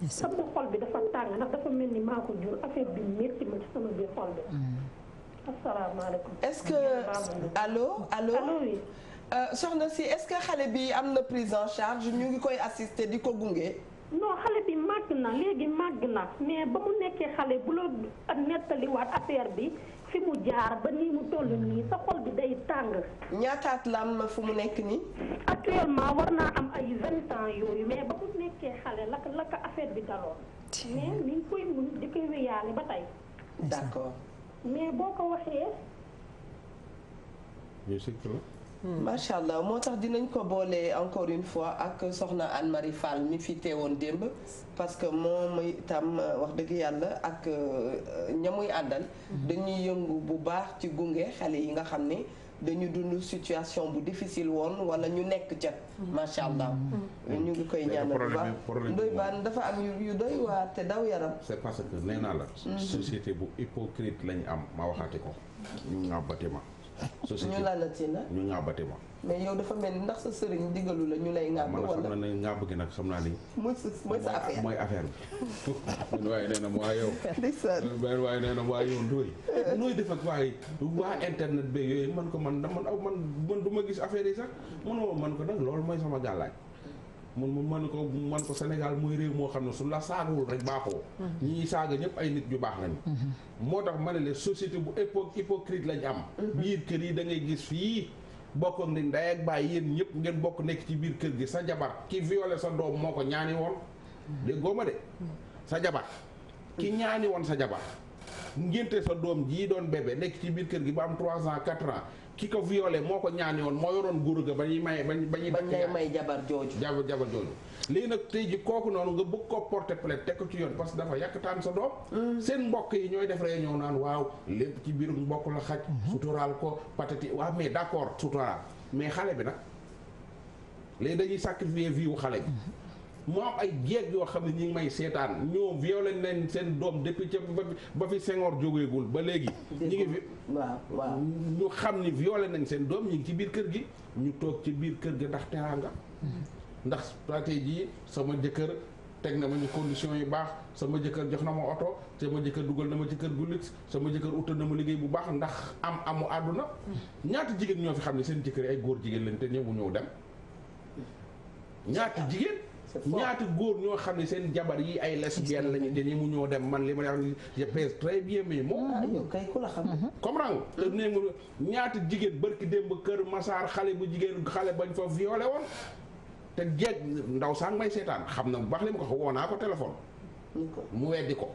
sama xol bi dafa tàng ndax dafa mel ni maa ko jur affaire bi métti ma ci sama biir xol bi mm. asalaamaaleykum est-ce que allo allo allo euh, soxna si est-ce que xale bi am na prise en charge ñu ngi koy assister di ko gunge no xale bi màgg na léegi màgg na mais ba mu nekkee xale bu la nettaliwaat affaire bi fi mu jaar ba nii mu toll nii sa xol bi day tàng. ñaataat la am fu mu nekk nii. actuellement war naa am ay vingt ans yooyu mais ba mu nekkee xale la la ko affaire bi daloon. mais mi koy mun di koy wéyaale ba tey. d'accord mais boo ko waxee. Hmm. macha allah moo tax dinañ ko boolee encore une fois ak soxna Anne-Marie Fall mi fi woon démb parce que moom itam wax dëgg yàlla ak euh, ñamuy àndal hmm. dañuy yëngu bu baax ci gunge xale yi nga xam ne dañu dund situation bu difficile woon wala ñu nekk ca hmm. macha allah ñu ngi koy ñaanal bu baax doy baan dafa am yu doy waa te daw yaram c'est parce que la société bu hypocrite lañu am ma waxaate ko ñu nga bâtiment société ñu lalati la ñu ŋàbbati ma mais yow dafa mel ndax sa sëriñ digalu la ñu lay ŋàbb ah, wala man xam na ne ŋàbb gi nag xam naa ni mooy sa mooy sa affaire mooy affaire bi ñun waaye nee na waa yow benn waaye nee na waa yow ndóoy nooy def ak waaye waa internet ba yooyu man ko man man aw man man du ma gis affaire yi sax mënoo man ko nag loolu mooy sama gàllaaj mun mu mën ko mu mën ko Sénégal muy réew moo xam ne su la saagawul rek baaxoo mm-hmm. ñi saaga ñëpp ay nit ñu baax lañu mm-hmm. moo tax ma ne la société bu épo hypocrite lañ am mm-hmm. biir kër yi da ngay gis fii bokkoon ni ndey ak baay yéen ñëpp ngeen bokk nekk ci biir kër gi sa jabar ki violé sa doom moo ko ñaani woon de góoma de sa jabar ki ñaani woon sa jabar ngénte sa doom jii doon bébé nekk ci biir kër gi ba am trois ans quatre ans ki ko violé moo ko ñaan woon moo yoroon góor ga ba ñuy may ba ñuy dakk may jabar jooju jabar jabar jooju léegi nag ji kooku noonu nga bëgg ko porter plainte teg ko ci yoon parce que dafa yàqtaan sa doom mm. seen mbokk yi ñooy def réunion naan waaw lépp ci biirum mbokk la xaj mm-hmm. suturaal ko patati waaw mais d'accord suturaal mais xale bi nag léegi dañuy sacrifier vie wu xale bi mm-hmm. moo am ay jeeg yoo xam ne ñi ngi may seetaan ñoo violé nañ seen doom depuis ca ba fi Senghor jógeegul ba léegi ñu ngi fi waaw ñu xam ni violé nañ seen doom ñi ngi ci biir kër gi ñu toog ci biir kër gi ndax teraanga ndax stratégie sama jëkkër teg na ma ñu condition yu baax sama jëkkër jox na ma oto sama jëkkër dugal na ma ci gu luxe sama jëkkër utal na ma liggéey bu baax ndax am amu àdduna ñaata jigéen ñoo fi xam ne seen jëkkër ay góor jigéen lañ te ñëwu ñëw dem ñaata jigéen ñaata góor ñoo xam ne seen jabar yi ay lesbiennes lañu dañuy mu ñoo dem man li ma wax je pèse très bien mais moom. Ah, yow kay ku la xam. Mm-hmm. comprendre nga te nee nga ñaata jigéen barki démb kër Masaar xale bu jigéen xale bañ fa violé woon. te jeeg ndaw sang may seetaan xam na mu baax li ma ko woo naa ko téléphone. mu weddi ko.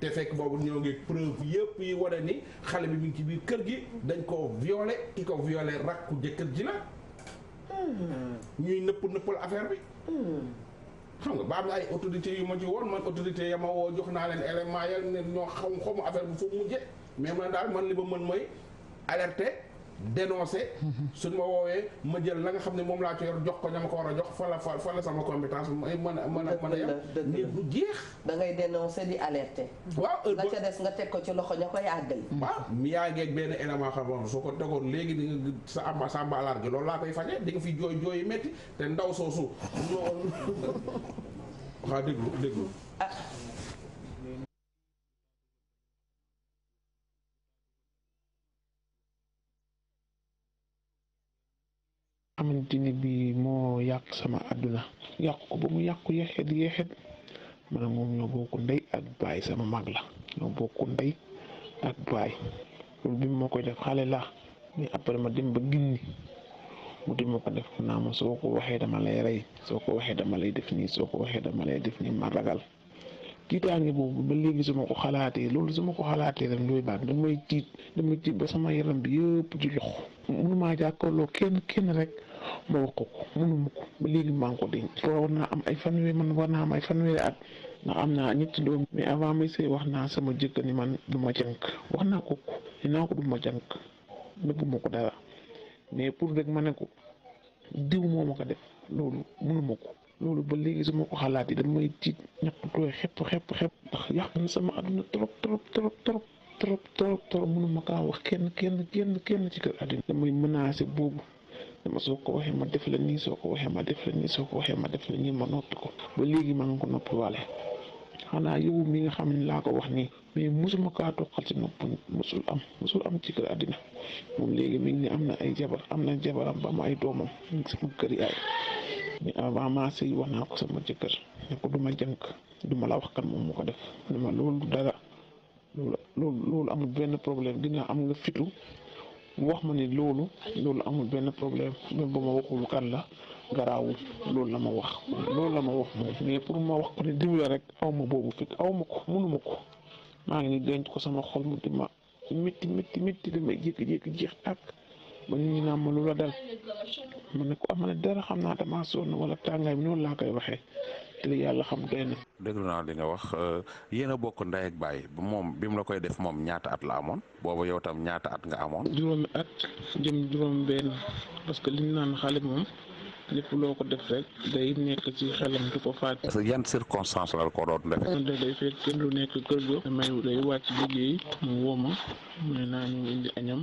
te fekk boobu ñoo ngi preuve yëpp yi wane ni xale bi mu ngi ci biir kër gi dañ ko violé ki ko violé rakku jëkkër ji la. Hmm. ñuy nëpp nëppal affaire bi. xam nga ba am na ay autorités yu ma ci woon man autorité ya ma woo jox naa leen élément yal ne ñoo xam xamu affaire bu foofu mujje mais man daal man li ma mën mooy alerte dénoncé. suñ ma woowee ma jël na nga xam ne moom laa ci jox ko ña ma ko war a jox fa la fa la sama compétence ay mën a mën a mën a yem. dëgg bu jeex. da ngay dénoncé di alerté. waaw la ca des nga teg ko ci loxo ña koy àggal. Mm. waaw mi yaa benn élément xam nga soo ko tegoon léegi di nga sa am sa mbaalaar gi loolu laa koy faje di nga fi jooy jooy metti te ndaw soosu. waaw déglu déglu. Ah. xamante ne bii moo yàq sama àdduna yàq ko ba mu yàqu yeexet yeexet mana moom ñoo bokk ndey ak baay sama mag la ñoo bokk ndey ak baay loolu bi moo koy def xale la mais après ma dem ba ginni mu di ma ko def ko naa ma soo ko waxee dama lay rey soo ko waxee dama lay def nii soo ko waxee dama lay def nii ma ragal tiitaange boobu ba léegi su ma ko xalaatee loolu su ma ko xalaatee rek looy baat damay tiit sama yaram di lox mënumaa jàkkaarloo kenn rek ma wax ko ko mënuma ko ba léegi maa ngi ko denc war naa am ay fan man at ndax am naa ñetti doom mais avant may sëy wax naa sama jëkkër ni man du ma jànk wax naa ko ko ni du ma jànk nëbbuma ko dara mais pour rek ma ne ko diw moo ma def loolu mënuma ko loolu ba léegi su ma ko xalaat yi damay tiit ñàkk tooy xepp xepp ndax yàq na sama àdduna trop trop trop trop trop trop trop ma kaa wax kenn kenn kenn kenn ci kër àdduna damay menacé boobu ne ma soo ko waxee ma def la nii soo ko waxee ma def la nii waxee ma def la ma noppi ko ba léegi maa ngi ko noppiwaale xanaa yow mi nga xam ne laa ko wax nii mais mosuma kaa toqal ci nopp am mosul am ci kër àddina moom léegi mi ngi ne am na ay jabar am na jabaram ba am ay doomam mi ngi sama kër yaay mais avant wax naa ko sama jëkkër ne ko duma jànk duma la wax kan moom mu ko def ne ma loolu dara loolu loolu amul benn problème dina am nga fitu mu wax ma ni loolu loolu amul benn problème ba bu ma waxul kan la garaawul loolu la ma wax loolu la ma wax moom mais pour ma wax ko ne diw rek aw ma boobu fit aw ma ko mënuma ko maa ngi ni denc ko sama xol mu di ma métti métti métti damay jékki-jékki jeex ak ba ñu naan ma lu la dal ma ne ko amana dara xam naa damaa sonn wala tàngaay bi noonu laa koy waxee te yàlla xam doy na. déglu naa li nga wax euh, yéen a bokk ndey ak baay moom bi mu la koy def moom ñaata at la amoon booba yow tam ñaata at nga amoon. juróomi at jëm juróom-benn parce que li ñu naan xale moom. lépp loo ko def rek day nekk ci xelam du ko faat. parce que yan circonstance la ko doon defee. day fekk lu nekk kër ga. damay day wàcc liggéey mu woo ma naa ñu indi añam.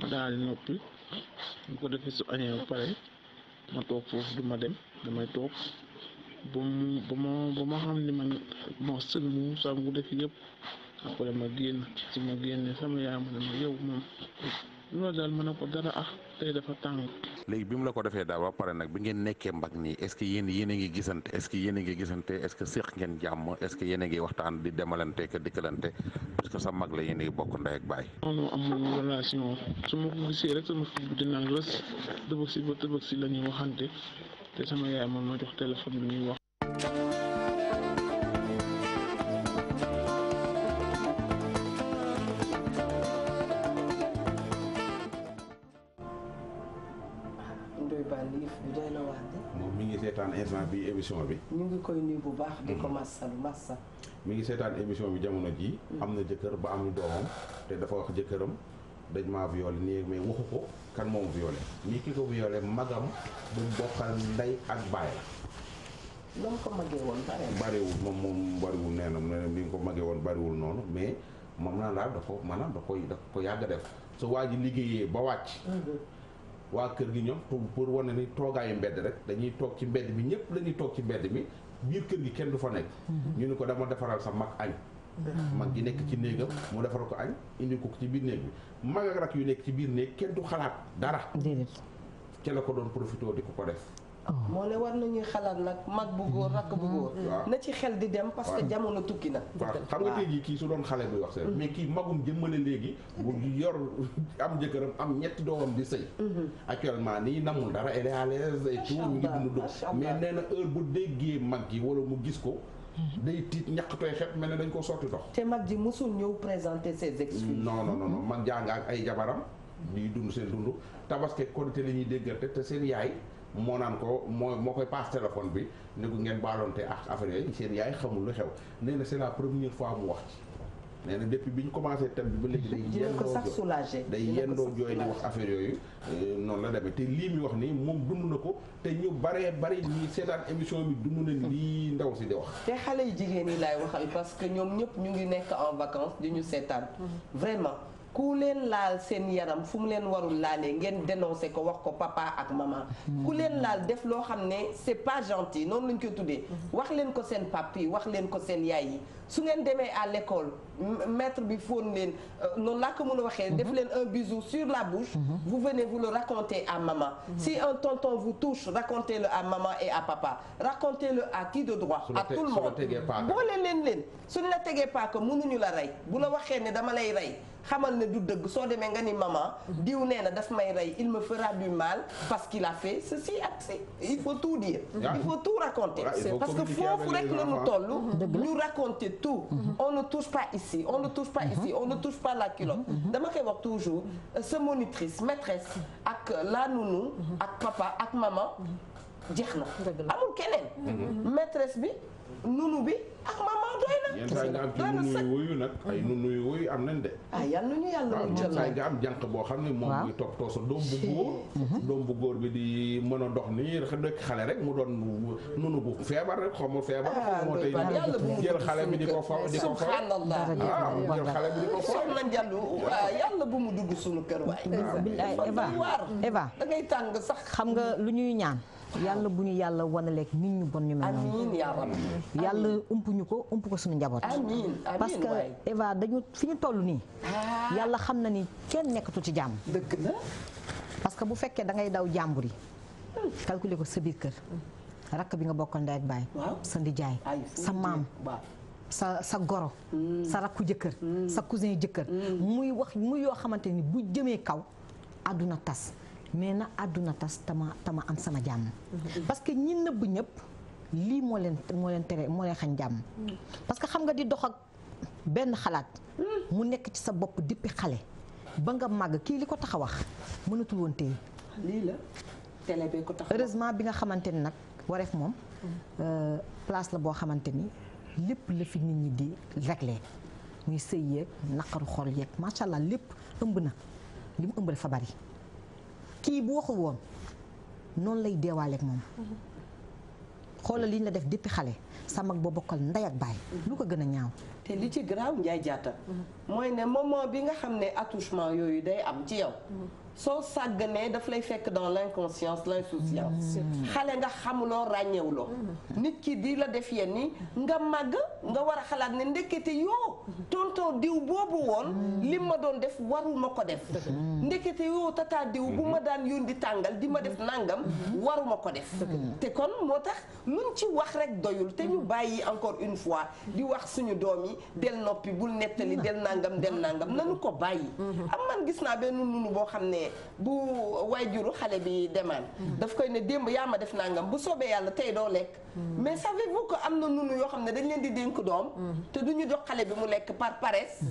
ma daal di noppi bu ko defee su añee pare ma toog foofu duma dem damay toog ba mu ba ma ba ma xam ne man ma sël mu def yëpp après ma génn su ma génnee sama yaay ma ne ma yow moom loolu daal mën na ko dara ah tey dafa tàng. léegi bi mu la ko defee daal ba pare nag bi ngeen nekkee mbag nii est-ce que yéen yéen a ngi gisante est-ce que yéen a ngi gisante est ngeen jàmm est que yéen a waxtaan di demalante ak dikkalante parce que sa mag la yéen a ngi bokk ndey ak baay. non amul relation su ma ko gisee rek sama fi dinaa rës dëbëg si ba dëbëg si la waxante te sama yaay moom ma jox téléphone bi ñuy wax. naa bi émission bi. ñu ngi koy nuyu bu baax. di mm-hmm. ko massalu massa. mi ngi seetaan émission bi jamono ji mm-hmm. am na jëkkër ba am doomam te dafa wax jëkkëram dañ maa violé nii mais waxu ko kan moom violé nii ki ko violé magam bu bokkal ak baay la. na ko magee woon bariwul moom moom bariwul nee na ni nga ko magee woon bariwul noonu mais moom naa daal da ko maanaam da koy da ko yàgg def su waa liggéeyee ba wàcc. Mm-hmm. waa kër gi ñoom pour wane ni toogaayu mbedd rek dañuy toog ci mbedd mi ñëpp dañuy toog ci mbedd mi biir kër gi kenn du fa nekk. Mm-hmm. ñu ni ko dama defaral sa mag añ. Mm-hmm. mag gi nekk ci néegam mu defar ko añ indi ko ci biir néeg bi mag ak rak yu nekk ci biir néeg kenn du xalaat dara. ca la ko doon profité di ko ko def. Oh. moo ne war nañuy xalaat nag mag bu góor rakk bu góor mm-hmm. na ci xel di dem parce que jamono tukki nag na xam nga tey jii kii su doon xale bi wax seen mm-hmm. mais kii magum jëmmale léegi bu yor am jëkkëram am ñetti doomam di sëy mm-hmm. actuellement nii namul dara elle est à l'aise et tout ñu nee na heure bu déggee mag yi wala mu gis ko day tiit ñàkk tooy xet mel ne dañ ko sotti dox te mag ji mosul ñëw présenter ses excuses non non non man ak ay jabaram ñuy dund seen dund tabaski Korité la ñuy déggante te seen yaay moo naan ko moo moo koy paas téléphone bi ne ko ngeen baalonte ak affaire yooyu seen yaay xamul lu xew nee na première fois mu wax ci nee na bi ñu commencé thème bi ba léegi day yendoo day yendoo jooy di wax affaire yooyu euh, noonu la demee te lii mi wax nii moom dund na ko te ñu baree bari ñi seetaan émission bi dund na lii ndaw si di wax te xale yu jigéen yi laay waxal parce que ñoom ñëpp ñu ngi nekk en vacances di ñu seetaan mm-hmm. vraiment ku leen laal seen yaram fu mu leen warul laale ngeen dénoncé ko wax ko papa ak mama ku leen laal def loo xam ne c'est pas gentil noonu lañ koy tuddee. Mm-hmm. wax leen ko seen papi wax leen ko seen yaay yi. su ngeen demee à l'école mettre bi fóon leen euh, noonu laa ko mën a waxee def mhm. leen un bisou sur la bouche mhm. vous venez vous le raconter à maman mhm. si un tonton vous touche racontez-le à maman et à papa racontez-le à qui de droit à tout le monde boole leen leen suñu la tegee paaka mënuñu la rey bu la waxee ne dama lay rey xamal ne du dëgg soo demee nga ni maman diw nee na daf may rey il me fera du mal parce qu'il a fait ceci ak il faut tout dire il faut tout raconter parce que tout. Mhm. on ne touche pas ici on ne touche pas mhm. ici on ne touche pas la culotte. Mhm. dama koy wax toujours sa euh, monitrice maîtresse ak la nounou. ak papa ak maman jeex na. amul keneen. maîtresse bi. nunu bi ak maman doy na. yenn saa nga am ci nunuy wuyu nag ay mm-hmm. nunuy wuyu am nañ de. ah yal na ñu yàlla ah, muccal saa nga boo xam ne. moom ngi toppatoo mm-hmm. doom bu góor. bi di mën a dox nii nekk xale rek mu doon nunu bu feebar rek xaw ma feebar. Ah, moo tey jël xale bi ah, mu dugg suñu kër waay. Eva Eva tàng sax xam nga lu ñuy ñaan. yàlla bu ñu yàlla wanaleeg nit ñu bon ñu mel noonu yàlla ump ñu ko ump ko suñu njaboot parce que Eva dañu fi ñu toll nii ah. yàlla xam na ni kenn nekkatu ci jàmm dëgg que bu fekkee da ngay daw jàmbur yi calculer ko sa biir kër rakk bi nga bokkal ndey ak baay sa ndijaay sa maam sa sa goro mm. sa rakku jëkkër mm. sa cousin jëkkër mm. muy wax muy yoo xamante ni bu jëmee kaw adduna tas mais na àdduna tas tama tama am sama jàmm mm-hmm. parce que ñi nëbb ñëpp lii moo leen moo tere moo leen xañ jàmm mm-hmm. parce que xam nga di dox ak benn xalaat mm-hmm. mu nekk ci sa bopp dippi xale ba nga màgg kii li ko tax a wax mënatul woon tey lii la télé bi heureusement bi nga xamante ni nag wareef moom euh, place la boo xamante ni lépp la fi nit ñi di réglé muy sëy yeeg naqaru xol yeeg macha allah lépp ëmb na li mu ëmb dafa bari kii bu waxul woon noonu lay deewaaleeg moom. xoolal liñ la def depuis xale sa mag boo ndey ak baay lu ko gën a ñaaw. te li ci garaaw njaay jaata. mooy ne moment bi nga xam ne attouchement yooyu day am ci yow. soo nee dafa lay fekk dans l'inconscience l'insouciance xale nga xamuloo ràññewuloo nit ki di la def yenn ni nga màgg nga war a xalaat ne ndekete yoo tonton diw boobu woon li ma doon def warul ma ko def ndekete yoo tata diw bu ma daan yoon di tàngal di ma def nàngam waruma ko def te kon moo tax luñ ci wax rek doyul te ñu bàyyi encore une fois di wax suñu doom yi del noppi bul nettali del nàngam del nàngam nanu ko bàyyi am man gis naa benn bu wayjuru xale bi demaan daf koy ne démb yaa ma def nangam bu soobee yàlla tey doo lekk mais savez boo ko am na nunu yoo xam ne dañ leen di dénk doom mm-hmm. te du ñu jox xale bi mu lekk par paresse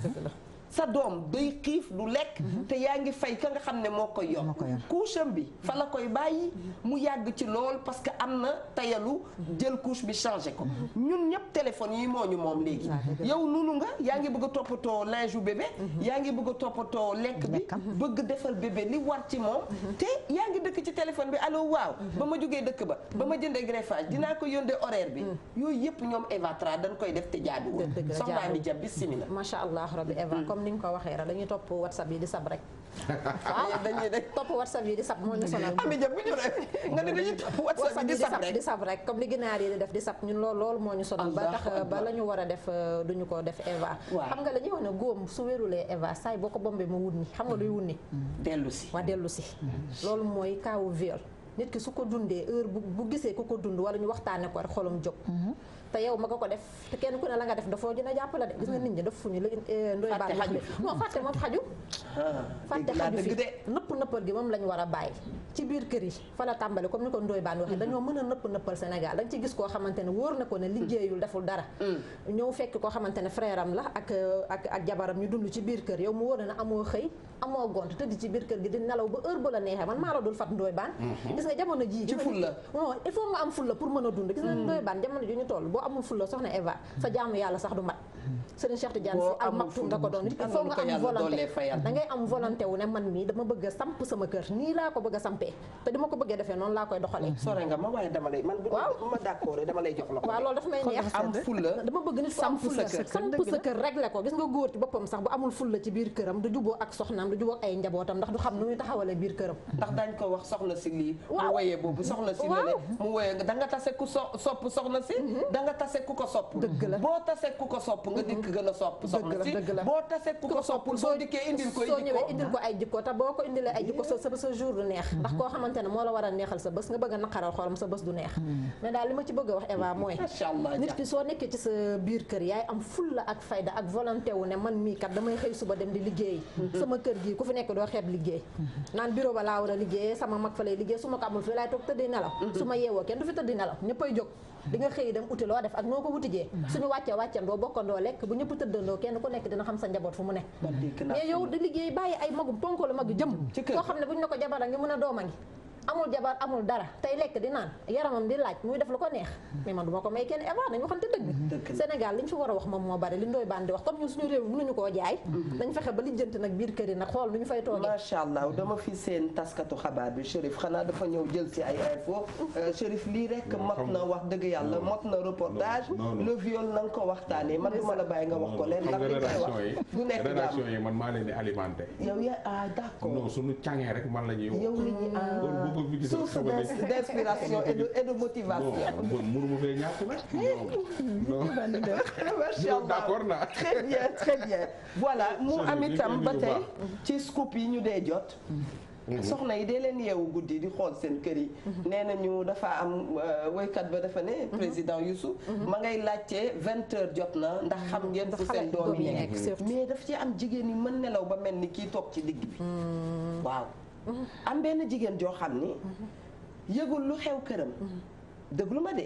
sa doom day xiif du lekk mhm. te yaa ngi fay ka nga xam ne moo koy yor coucham bi fa la koy bàyyi mhm. mu yàgg ci lool parce que am na tayalu mhm. jël couche bi changé ko ñun ñëpp téléphone yi moo ñu moom léegi yow nunu nga yaa ngi bëgg toppatoo linge u bébé yaa ngi bëgg toppatoo lekk bi bëgg defal bébé li war ci moom te yaa ngi dëkk ci téléphone bi allo waaw ba ma jógee dëkk ba ba ma jëndee greffage dinaa ko yóndee horaire bi yooyu yëpp ñoom Evatra dañ koy def te jaaduwul soxnaa mi macha allah rabbi ni nga ko waxee rek dañuy topp whatsapp yi di sab rek. waaw dañuy dañuy topp whatsapp yi di sab moo ñu sonal. na bu ñu nga ne dañuy topp whatsapp comme li ginaar yi di def di sab ñun loolu loolu moo ñu sonal. ba tax ba la ñu war a def euh, duñu ko def Eva. xam nga la ñuy wax ne góom su wérulee Eva saay boo ko bombee mu wunni xam nga luy wunni. Mm. Mm. dellu si waa dellu si. Mm. loolu mooy kaawu viol nit ki su ko dundee heure bu bu gisee ku ko dund wala ñu waxtaanee ko rek xolam jóg. Mm-hmm. te yow ma nga ko def te kenn ku ne la nga def dafoo dina jàppale de gis nga hmm. nit ñi daf fu ñu léegi eh, ndoy baax non fàtte moom xaju ah. fàtte xaju fi nëpp nëppal gi moom lañ war a bàyyi ci biir kër yi fa la tàmbali comme ni ko Ndoye Bane waxee dañoo mën a nëpp nëppal Sénégal da nga ci gis koo xamante ne wóor na ko ne liggéeyul deful dara mm. ñëw fekk koo xamante ne la ak ak ak jabaram ñu dund ci biir kër yow mu wóor na amoo xëy amoo gont tëdd ci biir kër gi di nelaw ba heure ba la neexee man maa la dul fat Ndoye Bane mm-hmm. gis nga jamono ji ci fulla non il faut nga am fulla pour mën a dund gis nga mm. Ndoye Bane jamono sëriñ Cheikh Tidiane si al maktum da ko doon il faut nga am volonté da ngay am volonté wu ne man mii dama bëgg a samp sama kër nii laa ko bëgg a sampee te dama ko bëggee defee noonu laa koy doxalee mm-hmm. sore nga ma waaye dama bëgg nit samp sa kër samp sa ko gis nga góor ci boppam sax bu amul fulla ci biir këram du juboo ak soxnaam du juboo ay njabootam ndax du xam nu muy taxawalee biir këram ndax dañ ko wax soxna si lii mu woyee boobu mu woyee da nga tase ku sopp soxna si mm-hmm. da nga tase ku ko sopp dëgg la boo tase ku ko sopp nga dikk gën a sopp boo tasee ku ko soppul soo dikkee indil ko ay jikko te boo ko indilee ay jikko sa sa jour du neex ndax koo xamante ne moo la war a neexal sa bés nga bëgg a naqaral xolam sa bés du neex hmm. a wax Eva mooy nit ki soo nekkee ci sa am fulla ak fayda ak volonté wu ne man mii kat damay xëy suba dem di liggéey hmm. sama kër gii ku fi nekk doo xeeb liggéey hmm. naan bureau ba laa war a liggéey sama mag fa lay liggéey su ma ko amul fi laay toog tëddi nelaw su ma yeewoo kenn du fi tëddi nelaw ñëppay jóg di nga xëy dem uti loo def ak noo ko wutijee mm. suñu wàccee wàccandoo bokkandoo lekk bu ñëpp tëddandoo kenn ku nekk dina xam sa njaboot fu mu ne mais yow di liggéey bàyyi ay magu ponko la magu jëm koo xam ne bu ñu ne ko jabara ngi mun a dooma ngi amul jabar amul dara tey lekk di naan yaramam di laaj muy def la ko neex mais man du ma ko may kenn Eva dañu waxante dëgg Sénégal li ñu fi war a wax moom moo bari li ndooy baan di wax comme ñun suñu réew mënuñu koo jaay dañ mm-hmm. fexe ba lijjanti nag biir kër yi nag xool lu ñu fay toogee macha allah dama fi seen taskatu xabaar bi Chérif xanaa dafa ñëw jël si ay info euh, Chérif lii rek mot na wax dëgg yàlla mot na reportage le viol na ko waxtaanee man du ma la bàyyi nga wax ko leen ndax man maa leen di alimenté yow yaa ah d'accord non rek man la ñuy li ñu ah. ko fi gis. source d'inspiration et de et de motivation. bon mënu ma fee ñàkk nag. macha allah voilà mu am itam ba tey yi ñu dee jot. Mhm. soxna yi dee leen yeewu guddi di xool seen kër yi. Mhm. nee nañu dafa am euh, woykat ba dafa ne. Mhm. président Youssou. ma ngay laajte vingt jot na ndax xam ngeen. fu seen doom yi nekk mais daf ci am jigéen yi mën nelaw ba mel ni kii toog ci digg bi. Hmm. waaw. am benn jigéen joo xam ni. yëgul lu xew këram. lu ma de.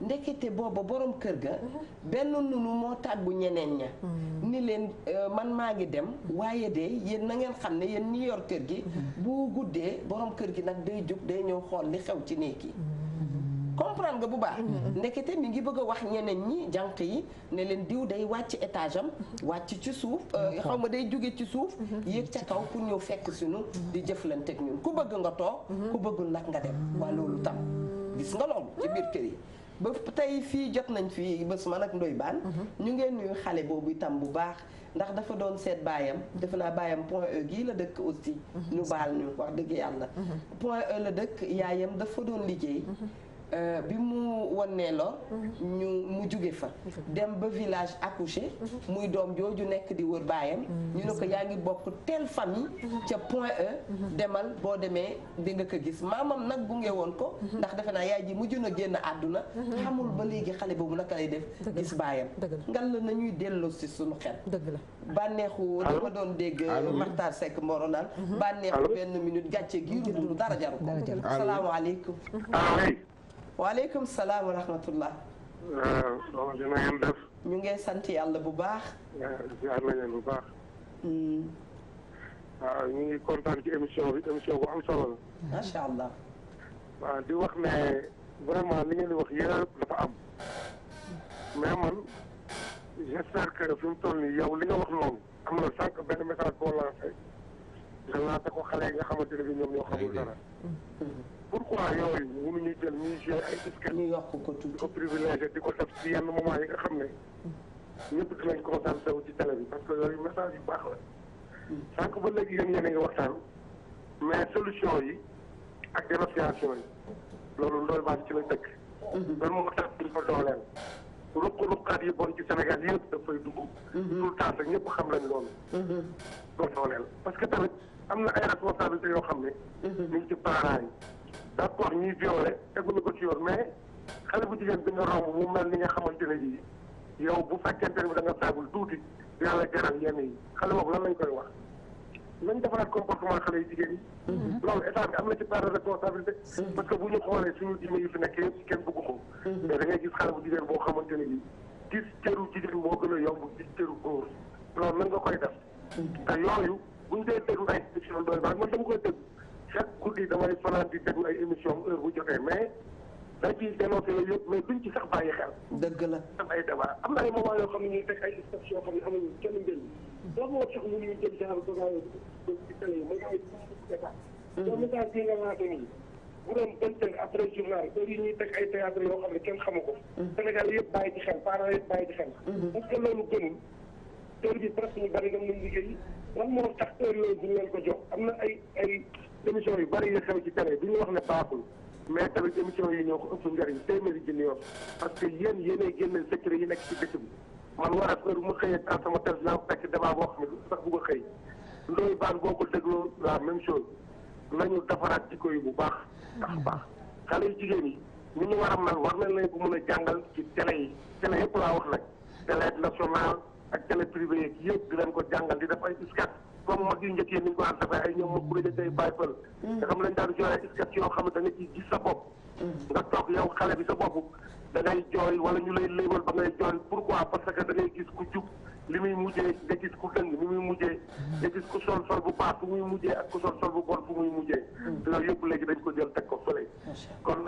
ndekete booba boroom kër ga. benn nunu moo tàggu ñeneen ña. Mm. ni leen euh, man maa ngi dem. waaye de yéen na ngeen xam ne yéen ñi yor kër gi. Mm-hmm. bu guddee borom kër gi nag day jug day ñëw xool li xew ci néeg yi. Mm-hmm. comprendre nga bu baax. Mm-hmm. ndekete mi ngi bëgg a wax ñeneen ñi jànq yi ne leen diw day wàcc étage am. Mm-hmm. wàcc ci suuf euh, xaw ma day jóge ci suuf. Mm-hmm. yéeg ca kaw pour ñëw fekk suñu di jëflanteeg ñun ku bëgg nga toog. ku bëggul nag nga dem. waa loolu tam gis nga loolu yi. ba tey fii jot nañ fii bés ma nag ndoy baan ñu ngeen nuyu xale boobu itam bu baax ndax dafa doon seet baayam defe naa baayam point E gii la dëkk aussi ñu baal ñu wax dëgg yàlla point E la dëkk yaayam dafa doon liggéey Euh, bi mu wanneeloo ñu mu jóge fa dem ba village accouché muy doom jooju nekk di wër baayam ñu ne ko yaa ngi bokk telle famille ca point E demal boo demee di nga ko gis maamam nag gunge woon ko ndax defe naa yaay ji mujj na génn àdduna xamul ba léegi xale boobu naka lay def gis baayam ngal na ñuy delloo si suñu xel dëgg la bànneexu dama doon dégg Makhtar Seck Mboro naan mhm. bànneexu benn minute gàcce gi lu dul dara jaru ko waaleykum salaam wa rahmatullah. waaw soxna ngeen def. ñu ngi sant yàlla bu baax. ziar na ngeen bu baax. Hmm. waaw ñu ngi kontaan ci émission bi émission bu am solo macha allah. waaw di wax ne vraiment li ngeen di wax yëpp dafa am. mais man j'espère que fi mu toll nii yow li nga wax noonu am na sànq benn message boo lancé. da laata ko xale yi nga xamante ne bi ñoom dara. Hmm. pourquoi yooyu mënuñu jël ñuy jël ay disques ñu yokk ko tuuti di ko privilégié di ko xam ne ñëpp dinañ concentré wu ci télé bi parce que yooyu message yu baax la sànq ba léegi yéen yéen a ngi waxtaan mais solution yi ak dénonciation yi loolu ndoy baan ci la dëkk mhm. loolu moo tax ñu ko dooleel ruq bon ci senegal yëpp dafay dugg mhm. tout le temps rek ñëpp xam lañ loolu ko mhm. dooleel parce que tamit am na ay responsabilités yoo xam ne ñu ngi ci parents d'accord ñuy violé teguñu ko ci yoon mais xale bu jigéen bi nga romb mu mel ni nga xamante ne bii yow bu fekkente ne da nga faible tuuti dina la jaral yenn yi xale boobu lan lañ koy wax. nañ defaraat comportement xale yu jigéen yi. Mhm. loolu état bi am na ci part de responsabilité. Mhm. parce que bu ñu xoolee suñu diine yi fi nekk yëpp kenn bëgg ko. Mhm. mais da ngay gis xale bu jigéen boo xamante ne bii gis cëru jigéen moo gën a yomb gis cëru góor loolu nan nga koy def. te yooyu buñ dee déglu ay institution doy baax man dama koy chaque guddi damay fanaan di déglu ay émission heure bu jotee duñ ci sax bàyyi xel. dëgg la am ay débat am na ay moment yoo xam ne ñuy teg ay stocks yoo xam ne amuñu kenn ñu ngi jël genre dogal yooyu ci télé yi mooy ay état. soo message bii nga laata nii bu doon bëntën après yoo xam ne kenn xamu ko. Mm-hmm. Sénégal yëpp bàyyi ci xel parents yëpp bàyyi ci xel. Mm-hmm. parce que loolu gënul heure bi presque ñu bari dem liggéey lan moo tax heure yooyu duñ leen ko jox am na ay ay. émission yu bari yu xew ci télé bi ñu wax ne baaxul mais tamit yi ñoo ko ëpp njariñ téeméeri junni parce que yéen yéenay génne secret yi nekk ci dëkk bi man war a heure mu xëyee taal sama télévision laa fekk débat boo xam ne sax bu ko xëy ndoy baan boo ko dégloo la même chose nañu defaraat jikko yi bu baax ndax baax xale yu jigéen yi ni ñu war a mel war nañ leen ko mën a jàngal ci télé yi télé yëpp laa wax nag télé national ak télé privé yeeg yëpp di leen ko jàngal di def ay iskat comme mag yu njëkk yi niñ ko daan defee ay ñoom ma kuréel tey yoo mm. xam ne da nga ciy gis sa bopp mm. nga toog yow xale bi sa bopp da ngay jooy wala ñu lay léebal ba ngay jooy pourquoi parce que da gis ku jub li muy mujje nga gis ku dëng li muy mujjee mm. nga gis ku sol sol bu baax fu muy mujjee ak ku sol sol bu bon fu muy mujjee loolu yëpp léegi dañ ko jël teg ko fële kon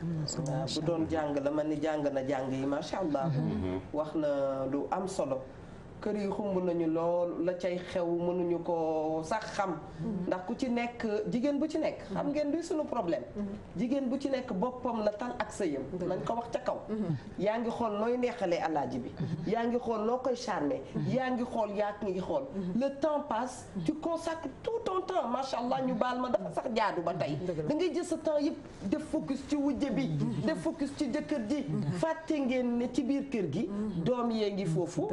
bu doon jàng la ma ni jàng na jàng yi macha allah mm-hmm. wax na lu am solo kër yi xumb nañu lool la cay xew mënuñu ko sax xam mm-hmm. ndax ku ci nekk jigéen bu ci nekk xam mm-hmm. ngeen luy suñu problème mm-hmm. jigéen bu ci nekk boppam la tal ak sëyam nañ ko wax ca kaw yaa ngi xool nooy neexalee alaaji bi yaa ngi xool loo koy charmer yaa ngi xool yaa ngi xool le temps passe tu consacres tout ton temps macha allah ñu baal ma dafa sax jaadu ba tey da ngay jël sa temps yëpp def focus ci wujje bi def focus ci jëkkër ji fàtte ngeen ne ci biir kër gi doom yee ngi foofu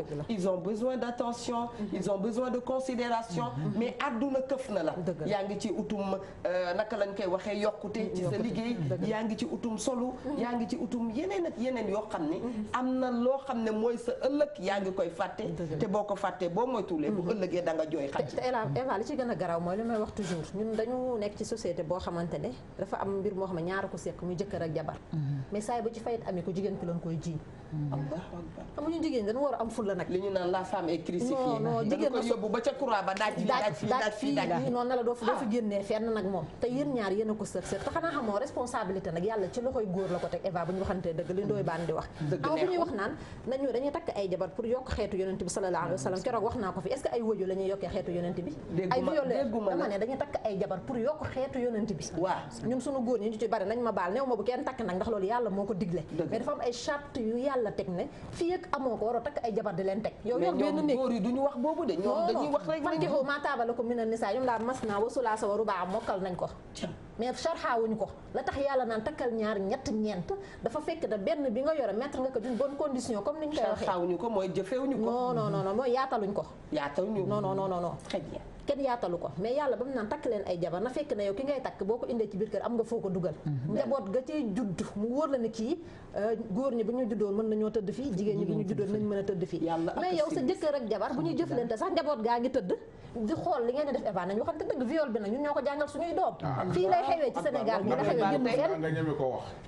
besoin d'attention ils ont besoin de considération mais àdduna këf na la yaa ngi ci utum euh, naka lañ koy waxee yokkute ci sa liggéey yaa ngi ci utum solu mhm. yaa ngi ci utum yeneen ak yeneen yoo xam ne mhm. am na loo xam ne mooy sa ëllëg yaa ngi koy fàtte te boo ko fàttee boo moytuwulee bu mhm. ëllëgee da nga jooy xaj te Eva li ci gën a garaaw mooy li may wax toujours ñun dañu nekk ci société boo xamante ne dafa am mbir moo xam ne ñaara ko seq muy jëkkër ak jabar mais ko jigéen ki lañ koy jiiñ amuñu jigéen dañu war a am fulla nag. li ñu naan la femme fii noonu na la doo fi génnee fenn nag moom. te yéen ñaar yéen ko sër sër te xanaa xamoo responsabilité nag yàlla ci loxoy góor la ko teg Eva bu ñu waxantee dëgg li ndooy baan di wax. dëgg neexul bu ñuy wax naan nañu dañuy takk ay jabar pour yokk xeetu ko fi ma baal am ay charte yu yàlla yàlla teg ne fii ak ko war a takk ay jabar di leen teg yow naa wasulaa sa waru baa mokkal nañ ko mais sarxaawuñu ko la tax yàlla naan takkal ñaar ñett ñeent dafa fekk da benn bi nga yore mettre nga ko d'une bonne condition comme ni ñu koy waxee sarxaawuñu ko mooy mooy yaataluñ ko yaataluñu non non non non kenn yaatalu ko mais yàlla ba mu naan takk leen ay jabar na fekk na yow ki ngay takk boo ko indee ci biir kër am nga foo ko dugal mm-hmm. njaboot ga cay judd mu wóor la ne kii euh, góor ñi bu ñu juddoon mën nañoo tëdd fii jigéen ñi bu ñu juddoon nañ mën a tëdd fii mais yow sa jëkkër ak jabar bu ñuy jëflante sax njaboot ngi tëdd di xool li ngeen di def Eva nañ waxante dëgg viol bi nag ñun ñoo ko jàngal suñuy doom ah, nga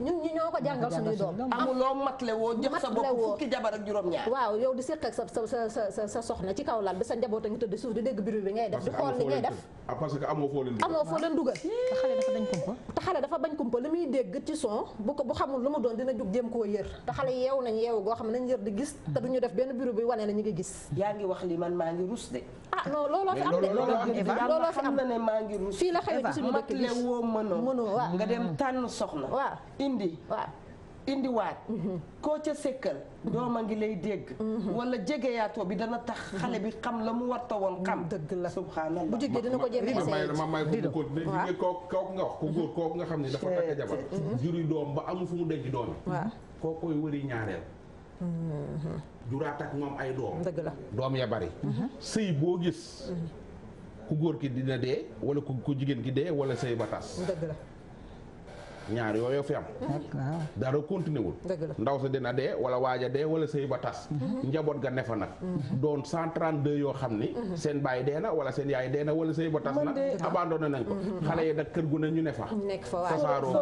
ñu ñoo ko jàngal suñuy doom amuloo matle woo jox sa bopp fukki jabar ak juróom waaw yow di séq ak sa sa sa sa soxna ci kaw lal bi sa njaboot a ngi tëdd bi ngay def di xool li ngay def ah, parce que amoo foo leen dugal amoo te xale dafa bañ kumpa te xale dafa bañ li muy dégg ci son bu ko bu xamul lu mu doon dina jóg jéem koo yër te xale yeew nañ yeewu goo xam ne nañ yër di gis te duñu def benn bureau bi wane na ñu ngi gis yaa ngi wax li man maa ngi rus de ah non looloo fi am de looloo fi am na ne maa ngi rus fii la xew ci suñu dëkk bi mënoo waaw nga dem tànn soxna waaw indi waaw indiwaat. koo ca sëkkal. dooma ngi lay dégg. wala jegeyaatoo bi dana tax. xale bi xam la mu warta woon xam. dëgg la subhanallah bu jigéen dina ko jéem a essayé ma may ko ko kooku nga wax ko góor kooku nga xam ne dafa takk jabar. Mhm. juri doom ba amul fu mu denc doom yi. waaw kooku koy wëri ñaareel. Mhm. juraat ak moom ay doom. dëgg la doom ya bari. Mhm. sëy boo gis. ku góor ki dina dee wala ku jigéen ki dee wala sëy ba tas. dëgg la. ñaar yooyu fi am dara continué wul ndaw sa dina dee wala waaja dee wala sëy ba tas mhm. Mhm. njaboot ga nefa nag mhm. doon 132 yoo xam ni seen baay dee na wala seen yaay dee na wala sëy ba tas na abandonné nañ ko xale yi nag kër gu ne ñu ne fa tasaaroo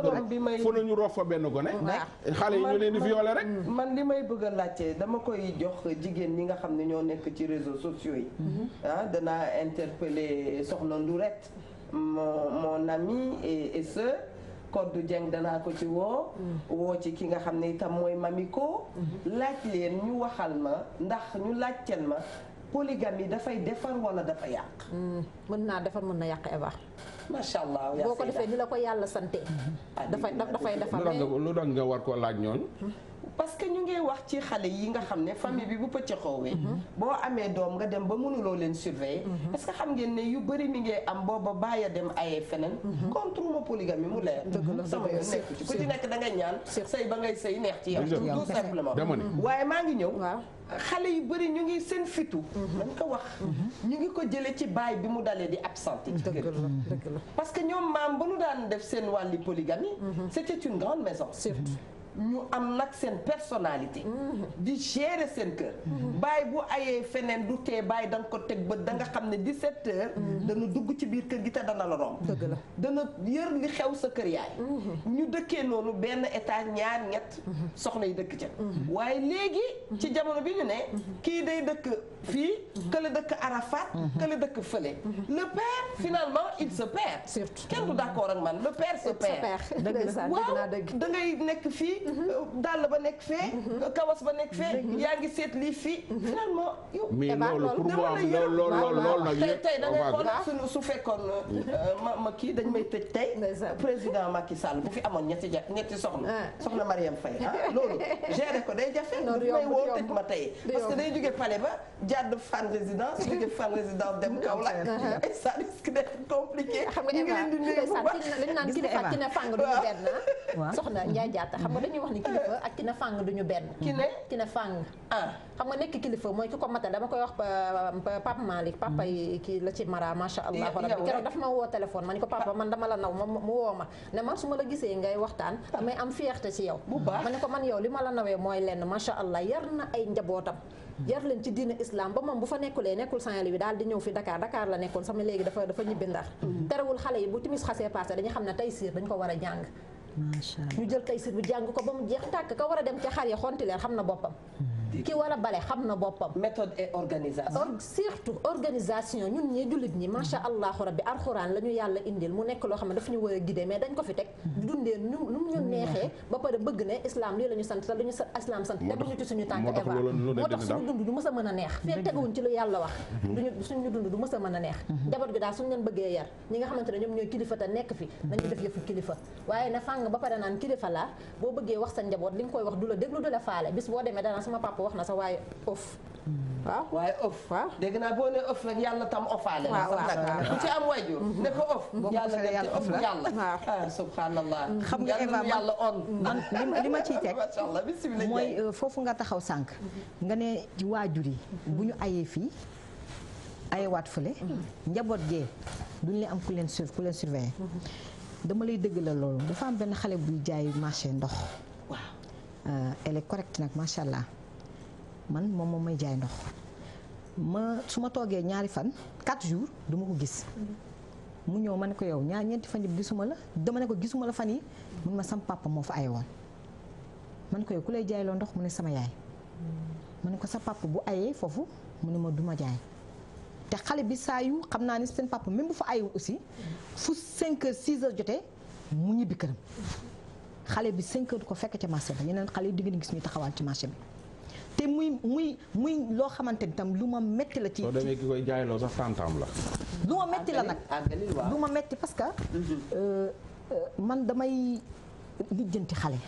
fu nañu roof fa benn gone xale yi ñu leen di violé rek mm. man li may bëgg a laajte dama koy jox jigéen ñi nga xam ne ñoo nekk ci réseaux sociaux yi ah danaa interpeller soxna Ndourette mon mon ami et et Koddu Dieng danaa ko ci woo. Mm. woo ci ki nga xam ne itam mooy Mamiko. Mm-hmm. laaj leen ñu waxal ma ndax ñu laajteel ma polygamie dafay defar wala dafa yàq. Mm. mën naa defar mën na yàq Eva. macha allah boo ko defee ni la ko yàlla sante. dafay dafay defar lu dang nga war ko laaj ñooñu. Hmm? parce que ñu ngi wax ci xale yi nga xam ne famille bi bu pëcc xoowee mhm. Mhm. boo amee doom nga dem ba mënuloo leen surveiller parce mhm. que xam ngeen ne yu bëri mi ngi am booba bàyyi a dem ayee feneen contre ma polygamie mu leer sama yoon nekku ci ku ci nekk da nga ñaan sëy ba ngay sëy neex ci yow tout simplement waaye maa ngi ñëw xale yu bëri ñu ngi seen fitu nañ ko wax ñu ngi ko jële ci baay bi mu dalee di absenté ci kër parce que ñoom maam ba nu daan seen wàlli polygamie c'était une grande maison ñu am nag seen personnalité. Mm-hmm. di gérer seen kër. Mm-hmm. baay bu ayee feneen du tee baay danga ko teg bët da nga xam ne di heures. Mm-hmm. dana dugg ci biir kër gi te dana la romb. dëgg la dana yër li xew sa kër yaay. ñu dëkkee noonu benn étage ñaar ñett. soxla yi dëkk ca. waaye léegi. ci jamono bi ñu ne. kii day dëkk. fii que le dëkk Arafat que le dëkk fële le finalement il se perd surtout kenn du d'accord ak man le sa se perd waaw da nekk fii mhm. dàll ba nekk fee mhm. kawas ba nekk fee yaa ngi seet lii fi mhm. finalement yow mais eh loolu pour moi loolu loolu nag tey tey da ngay euh, ma ma kii dañ may tëj tey président Macky Sall bu fi amoon ñetti ja ñetti soxna ah. soxna Mariam Faye ah loolu géré ko day jafe may woo tëj ma tey parce que day jóge palais ba jàdd fan résidence jóge dem Kaolack et ça risque xam nga Eva dañu naan kilifa ak ki ne fàng duñu ah. soxna Njaay xam nga dañuy wax ni kilifa ak ki ne fàng duñu benn ki ne ki ne fàng ah. xam nga nekk kilifa mooy ki ko matal dama koy wax Pape Malick papa yi hmm. kii la ci mara masha allah rabbi keroog dafa ma woo téléphone ma ni ko papa man dama la naw moom mu woo ma ne ma su ma la gisee ngay waxtaan damay am fierté ci yow ma ne ko man yow li ma la nawee mooy lenn masha allah yar na ay njabootam yar leen ci diina islam ba moom bu fa nekkulee nekkul Saint-Louis daal di ñëw fi Dakar Dakar la nekkoon sama léegi dafa dafa ñibbi Ndar mm-hmm. terewul xale yi bu timis xasee passé dañu xam ne Taysiir dañ ko war a jàng ñu jël Taysiir bu jàng ko ba mu jeex tàkk ka war a dem ca xar ya xonti leen xam na boppam mm-hmm. ki war a bale xam na boppam. organisation. ñun ñee jullit ñi macha allahu rabbi alxuraan la yàlla indil mu nekk loo xam ne daf ñu war a guider mais dañ ko fi teg. Mm-hmm. du mës a a mm-hmm. lu yàlla wax. Mm-hmm. duñu a a neex. jabar gi daal suñu leen bëggee yar ñi nga xamante ne ñoom ñooy kilifa te nekk fi. nañu def yëfu kilifa waaye na fàng ba pare naan kilifa la boo bëggee wax sa njaboot li nga koy wax du la déglu du la faale bis boo demee dana sama papa papa na sax waaye of waaw waaye ëf waaw dégg naa boo ne ëf rek yàlla tam ofaale mm-hmm. la sax nag ku ne yàlla ah, xam nga Eva on li ma ciy teg mooy euh, foofu nga taxaw sànq nga ne waajur yi bu ñu ayee fii ayewaat fële mm-hmm. njaboot gee duñ leen am ku leen sur mm-hmm. dama lay dëgg la loolu dafa am benn xale buy jaay marché ndox waaw euh, elle est correcte nag macha man moom moom may jaay ndox ma su ma toogee ñaari fan quatre jours duma ko gis mm-hmm. mu ñëw ma ne ko yow ñaar ñeenti fan yëpp gisuma la dama ne ko gisuma la fan yi mun ma sam papa moo fa ay woon man ko yow ku lay jaay loo ndox mu ne sama yaay mm-hmm. ma ne ko sa papa bu aye foofu mu ne ma duma jaay te xale bi saa yu xam naa ni seen papa même bu fa ayul aussi mm-hmm. fu 5 heures 6 heures jotee mu ñibbi këram xale bi 5 heures du ko fekk ca marché ba ñeneen xale yi di te muy muy muy loo xamante ni tam lu ma metti la. ci soo demee ki koy jaayloo sax tantam la. lu ma metti la nag lu ma metti parce que. Mm-hmm. Euh, euh, man damay lijjanti xale.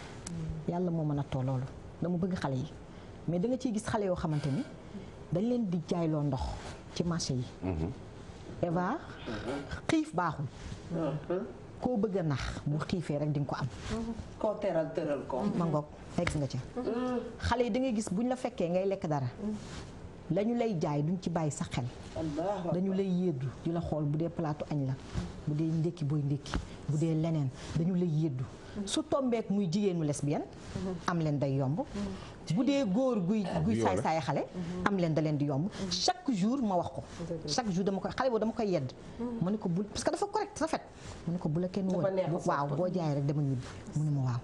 yàlla moo mën a too loolu dama bëgg xale yi mais da nga ciy gis xale yoo xamante ni dañ leen di jaayloo ndox ci marché yi. Mm-hmm. Eva xiif baaxul. Ah, ah. koo bëgg a nax mu xiifee rek di ko am. koo teral tëral ko. ma ngoog egg nga ci xale yi da ngay gis buñ la fekkee ngay lekk dara. la lay jaay duñ ci bàyyi sa xel. dañu lay yéeddu di la xool bu dee palaatu añ la. bu dee ndékki booy ndékki bu dee leneen dañu lay yéeddu. su tombeek muy jigéenu lesbienne. am leen day yomb. bu dee góor guy ah, guy saay saay xale mhm. am leen da leen di yomb mhm. chaque jour ma wax ko chaque jour dama koy xale boobu dama koy yedd mhm. mu ne ko bul parce que dafa correct rafet ma ne ko bu la kenn woon waaw boo jaay rek dama ñibbi mu ne ma waaw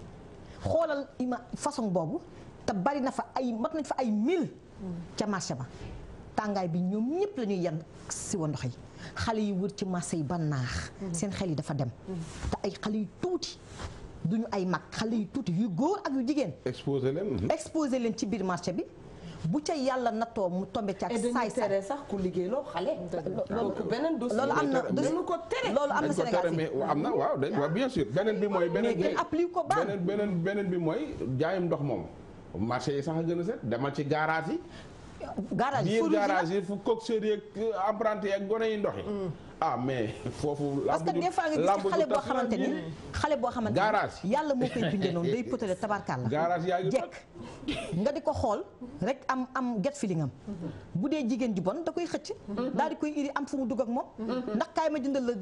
xoolal ima façon boobu te bari na fa ay mat nañ fa ay mille ca marché ma tàngaay bi ñoom ñëpp lañuy yenn yan si wa ndox yi xale yi wër ci marché yi ba naax seen xel yi dafa dem te ay xale yu tuuti du ñu ay mag xale yu tuuti yu góor ak yu jigéen. exposé leen. exposé leen ci biir marché bi. bu ca yàlla natoo mu tombe ca ak saay sax ku liggéey loo xale. loolu beneen dossier loolu am na dañu ko tere loolu am na Sénégal am na waaw dañ bien sûr beneen bi mooy. beneen bi applique beneen beneen bi mooy jaayum ndox moom. marché yi sax a gën a set demal ci garage yi. garage yi fu coxeur yi ak apprenti ak gone yi ndox mm. ah mais foofu. parce que des fois nga gis ci xale boo xamante ni xale boo xamante ni yàlla moo koy bindee noonu day potale tabarkaal la. garage yaa ngi jekk nga di ko xool rek am am get feeling am. Mhm. bu dee jigéen ju bon da koy xëcc. Mhm. daal di koy iri am fu mu dugg ak moom. Mhm. ndax kaay ma jëndal la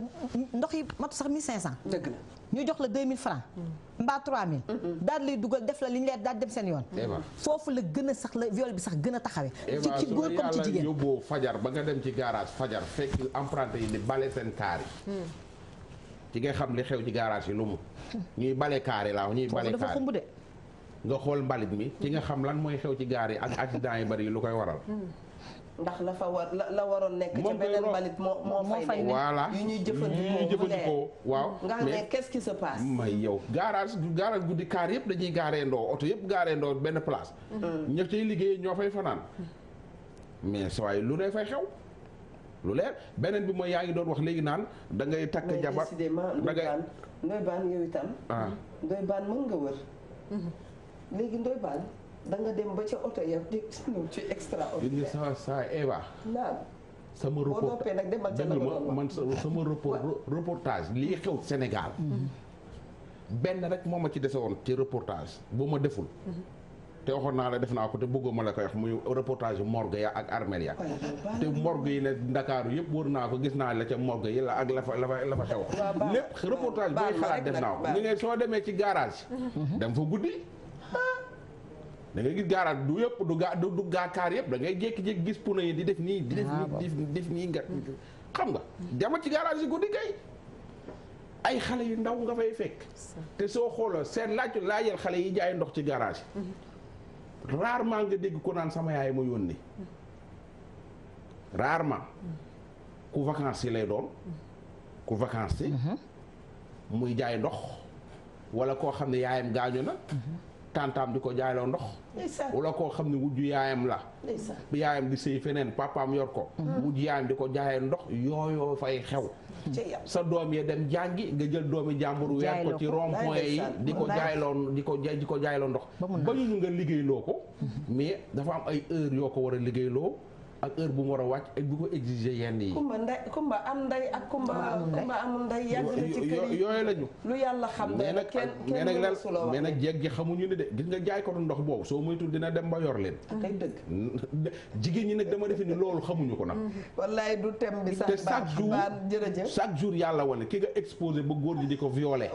ndox yi matu sax 1500. dëgg la. ñu jox la 2000 francs mm. mbaa 3000. daal lay dugal def la li ñu leer daal dem seen yoon. Eh foofu la gën a sax la viol bi sax gën a taxawee. Eh ci góor comme ci fajar ba nga dem ci garage fajar fekk emprunté yi di bale seen kaar yi. Mm. ci nga xam li xew ci garage yi lu mu. ñuy bale kaar yi laaw ñuy bale kaar dafa xumb de. nga xool mbalit mi ci nga xam lan mooy xew ci gaar yi ak accident yu bari yi lu koy waral. Mm. ndax la fa war la waroon nekk ci beneen mbalit moo moo fay voilà yu ñuy jëfandikoo waaw nga xam ne qu'est-ce qui se passe may yow garage garage guddi kaar yëpp dañuy gaareendoo oto yëpp gaareendoo benn place mm-hmm. ña cay liggéey ñoo fay fanaan mais sawaay lu ne fay xew lu leer beneen bi mooy yaa ngi doon wax léegi naan da ngay takk jabar da ngay ndoy baan yow itam ah. ndoy baan mën nga wër mm-hmm. léegi ndoy baan da nga dem ba ca oto ya di ñëw sa sa Eva. sama man sama report reportage lii xew Sénégal. Mhm. benn rek moom ma ci dese woon ci reportage bu ma deful. Mhm. te waxoon naa la def naa ko te bëggoo ma la koy wax muy reportage morgue ya ak armeel ya te morgue yi ne ndakaaru yëpp wër naa ko gis naa la ca morgue yi la ak la fa la fa la xew lépp reportage booy xalaat def naa ko ñu ne soo demee ci garage. Mhm. dem fa guddi. dangay gis gaaraat du yëpp du gaa du du gaakaar yëpp da ngay jékki-jékki gis puna yi di def nii. di def nii ah, di def nii nga. xam nga dama ci garage yi guddi kay ay xale yu ndaw nga fay fekk. te soo xooloo seen laaj laajal xale yi jaay ndox ci garage yi. Mhm. rarement nga dégg ko naan sama yaay ma yónni. rarement. ku vacances yi lay doom mhm. ku vacances yi. Mhm. muy jaay ndox. wala koo xam ne yaayam gaañu na. tantaam di ko jaayloo ndox wala koo xam ne wujju yaayam la yaayam di sëy feneen papaam yor ko mm-hmm. wujju yaayam di ko jaayee ndox yooyoo fay xew sa doom ya dem jàngi nga jël doomi jàmbur weer ko ci rond yi di ko jaayloo di ko di ko jaayloo ndox ba ñu nga liggéeyloo ko mm-hmm. mais dafa am ay heure yoo ko war a liggéeyloo ak heure bu mu war a wàcc ak bu ko exiger yenn yi. kumba nday kumba am nday am na ci kër yi yooyu lañu. yàlla xam ne nag kenn kenn du mais nag jeeg xamuñu ne de gis nga jaay ko ndox boobu soo moytul dina dem ba yor leen. kay jigéen ñi nag dama defe ni loolu xamuñu ko nag. Mm-hmm. wallaay du tem bi sax te chaque jour jërëjëf chaque jour yàlla wane ki nga exposé ba góor ji di ko violé.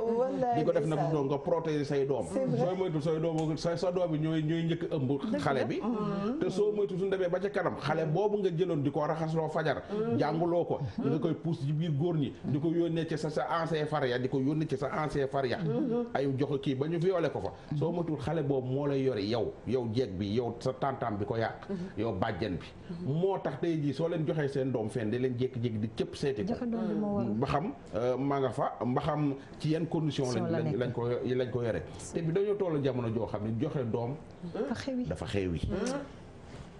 di ko def nag doom nga protéger say doom. soo moytul say doom sa doom yi ñooy ñooy njëkk ëmb xale bi mm-hmm. te soo moytul su demee ba ca kanam xale boobu nga jëloon di ko raxasloo fajar mm. jànguloo ko mm. nga koy pousse ci biir góor ñi di ko yónnee ci sa sa ancien faria di ko yónnee ci sa ancien faria mm-hmm. ay jox kii ba ñu fi yoole ko fa mm-hmm. soo matul xale boobu moo lay yore yow yow jeeg bi yow sa tantam bi ko yàq mm-hmm. yow bàjjen bi moo tax tey jii soo leen joxee seen doom fen di leen jékki-jékki di cëpp seeti ko ba xam euh, ma nga fa mba ci yan condition lañ lañ ko lañ ko yore te bi dañoo toll jamono joo xam ne joxe doom dafa xewi mm.